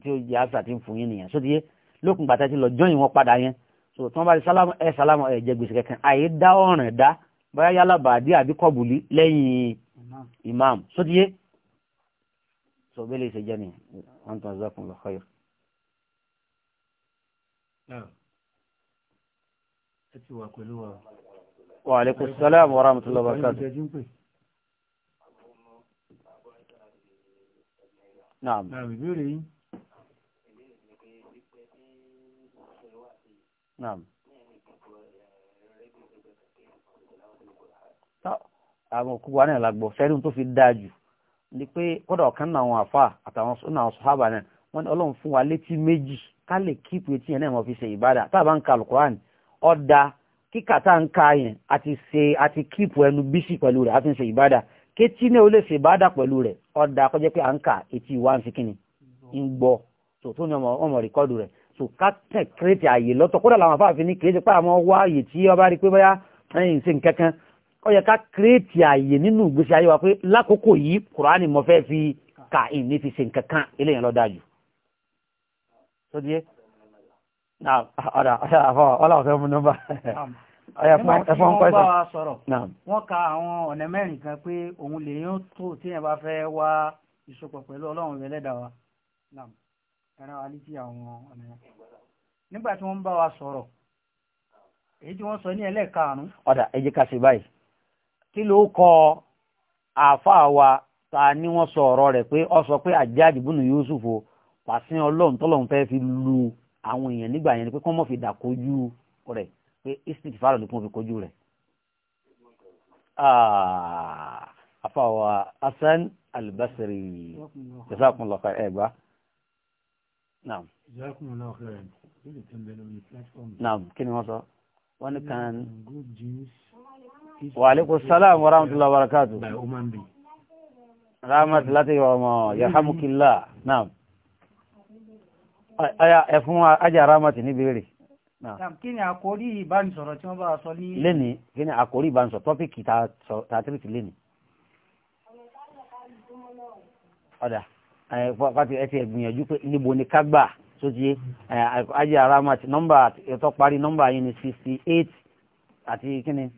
tí ó jẹ́ àṣà tí ń fún yín nìyàn. Sótíyé, lókun gbàtà ti lọ jọyìn wọn padà yẹn so tí wọn bá ti sálámù ẹ sálámù ẹ jẹ gbèsè kankan àyè dá ọ̀ràn dá bóyá yálà bàdí àbí kọbùlí lẹ́yìn imam sotiye so bẹ́ẹ̀ lè ṣe jẹ́ ni wọ́n tún ọ̀zọ́ kún lọ́kọ́ yìí. ẹ ti wà pẹ̀lú wa. wa aleykum salaam wa rahmatullahi wa barakatuh. naam. naam ìbéèrè yìí. Naam. àwọn òkú wa náà la gbọ́ fẹ́rùn tó fi dáa jù ni pé kódà ọ̀kan náà àwọn àfa àtàwọn náà àwọn sọ̀hábà náà wọ́n ní ọlọ́run fún wa létí méjì ká lè kíìpù etí yẹn náà wọ́n fi ṣe ìbádà tá a bá ń ka alukurani ọ̀dà kíkà tá a ń ka yẹn àti ṣe àti kíìpù ẹnu bísí pẹ̀lú rẹ̀ àti ń ṣe ìbádà kétí náà ó lè ṣe ìbádà pẹ̀lú rẹ̀ ọ̀dà kọjá pé à ń ka etí wa ń fi ń gbọ́ tòótọ́ ni ọmọ rìkọ́dù rẹ̀ so ká tẹ̀ kírètì àyè lọ́tọ̀ kódà làwọn afáàfin ní kírètì pé àwọn wá àyè tí ọba rí pé bóyá ẹ̀yìn sí nkankan ó yẹ ká kírètì àyè nínú ìgbésí ayé wa pé lákòókò yìí kùránì mo fẹ́ fi ka ìní fi ṣe nkankan eléyìí lọ́dà jù. sọ́dí ẹ̀ ọ̀dà ọ̀làwọ̀ fẹ́ mú nọ́mbà ẹ̀fọ́n pẹ́sẹ̀. wọ́n ka àwọn ọ̀nà mẹ́rin kan pé òun lèyàn tó tí yẹn bá fẹ́ wá ìsopọ̀ pẹ̀lú ọlọ́run rẹ̀ lẹ́dàá wa ẹ̀rọ alífí àwọn ọ̀nà nígbà tí wọ́n ń bá wa sọ̀rọ̀ èyí tí wọ́n sọ ní ẹlẹ́ẹ̀karùn. ọ̀dà ẹ jẹ́ ká ṣe báyìí kí ló kọ àáfàá wa ta ni wọ́n sọ ọ̀rọ̀ rẹ̀ pé ọ sọ pé Hajjaj bùnú Yusuf o pàṣẹ ọlọ́run tọ́lọ́run fẹ́ fi lu àwọn èèyàn nígbà yẹn ni pé kọ́ mọ́ fi dà kojú rẹ̀ pé istik fara ló kún fi kojú rẹ̀. àáfàá wa Hasan al-Basri jazakumullahu khairan ẹ̀gbá naam. jazakumullahu khairan lórí tẹ̀mbẹ̀ lórí platform. naam kí ni wọ́n sọ wọ́n ní kan. good jeans. wa aleykum salaam wa rahmatullahi wa barakatuh. by oman bi. rahmat láti yọ ọmọ yarhamukillah naam. aya ẹ fún ajá rahmat ní béèrè. naam kí ni àkórí ìbánisọ̀rọ̀ tí wọ́n bá sọ ní. lẹ́ni kí ni àkórí Eh, fati ẹ ti gbìyànjú pé níbo ni ká gbà tó ti eh, ajé aramat nọ́mbà ètò parí nọ́mbà yìí ni sixty eight àti kíni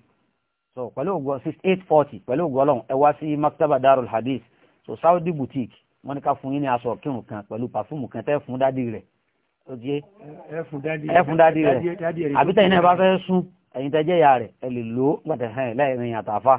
so pẹ̀lú ògbọ́ sixty eight forty pẹ̀lú ògbọ́ ọlọ́run ẹ wá sí maktaba darul hadith so saudi boutique wọ́n ní ká fún yín ní aṣọ kírun kan pẹ̀lú pàfúmù kan tẹ́ fún dádì rẹ̀ tó ti ẹ fún dádì rẹ̀ àbí tẹ̀yìn náà bá fẹ́ sún ẹ̀yin tẹ́jẹ́ ìyá rẹ̀ ẹ lè lò ó gbàtẹ̀ hàn láì rìn àtàfà.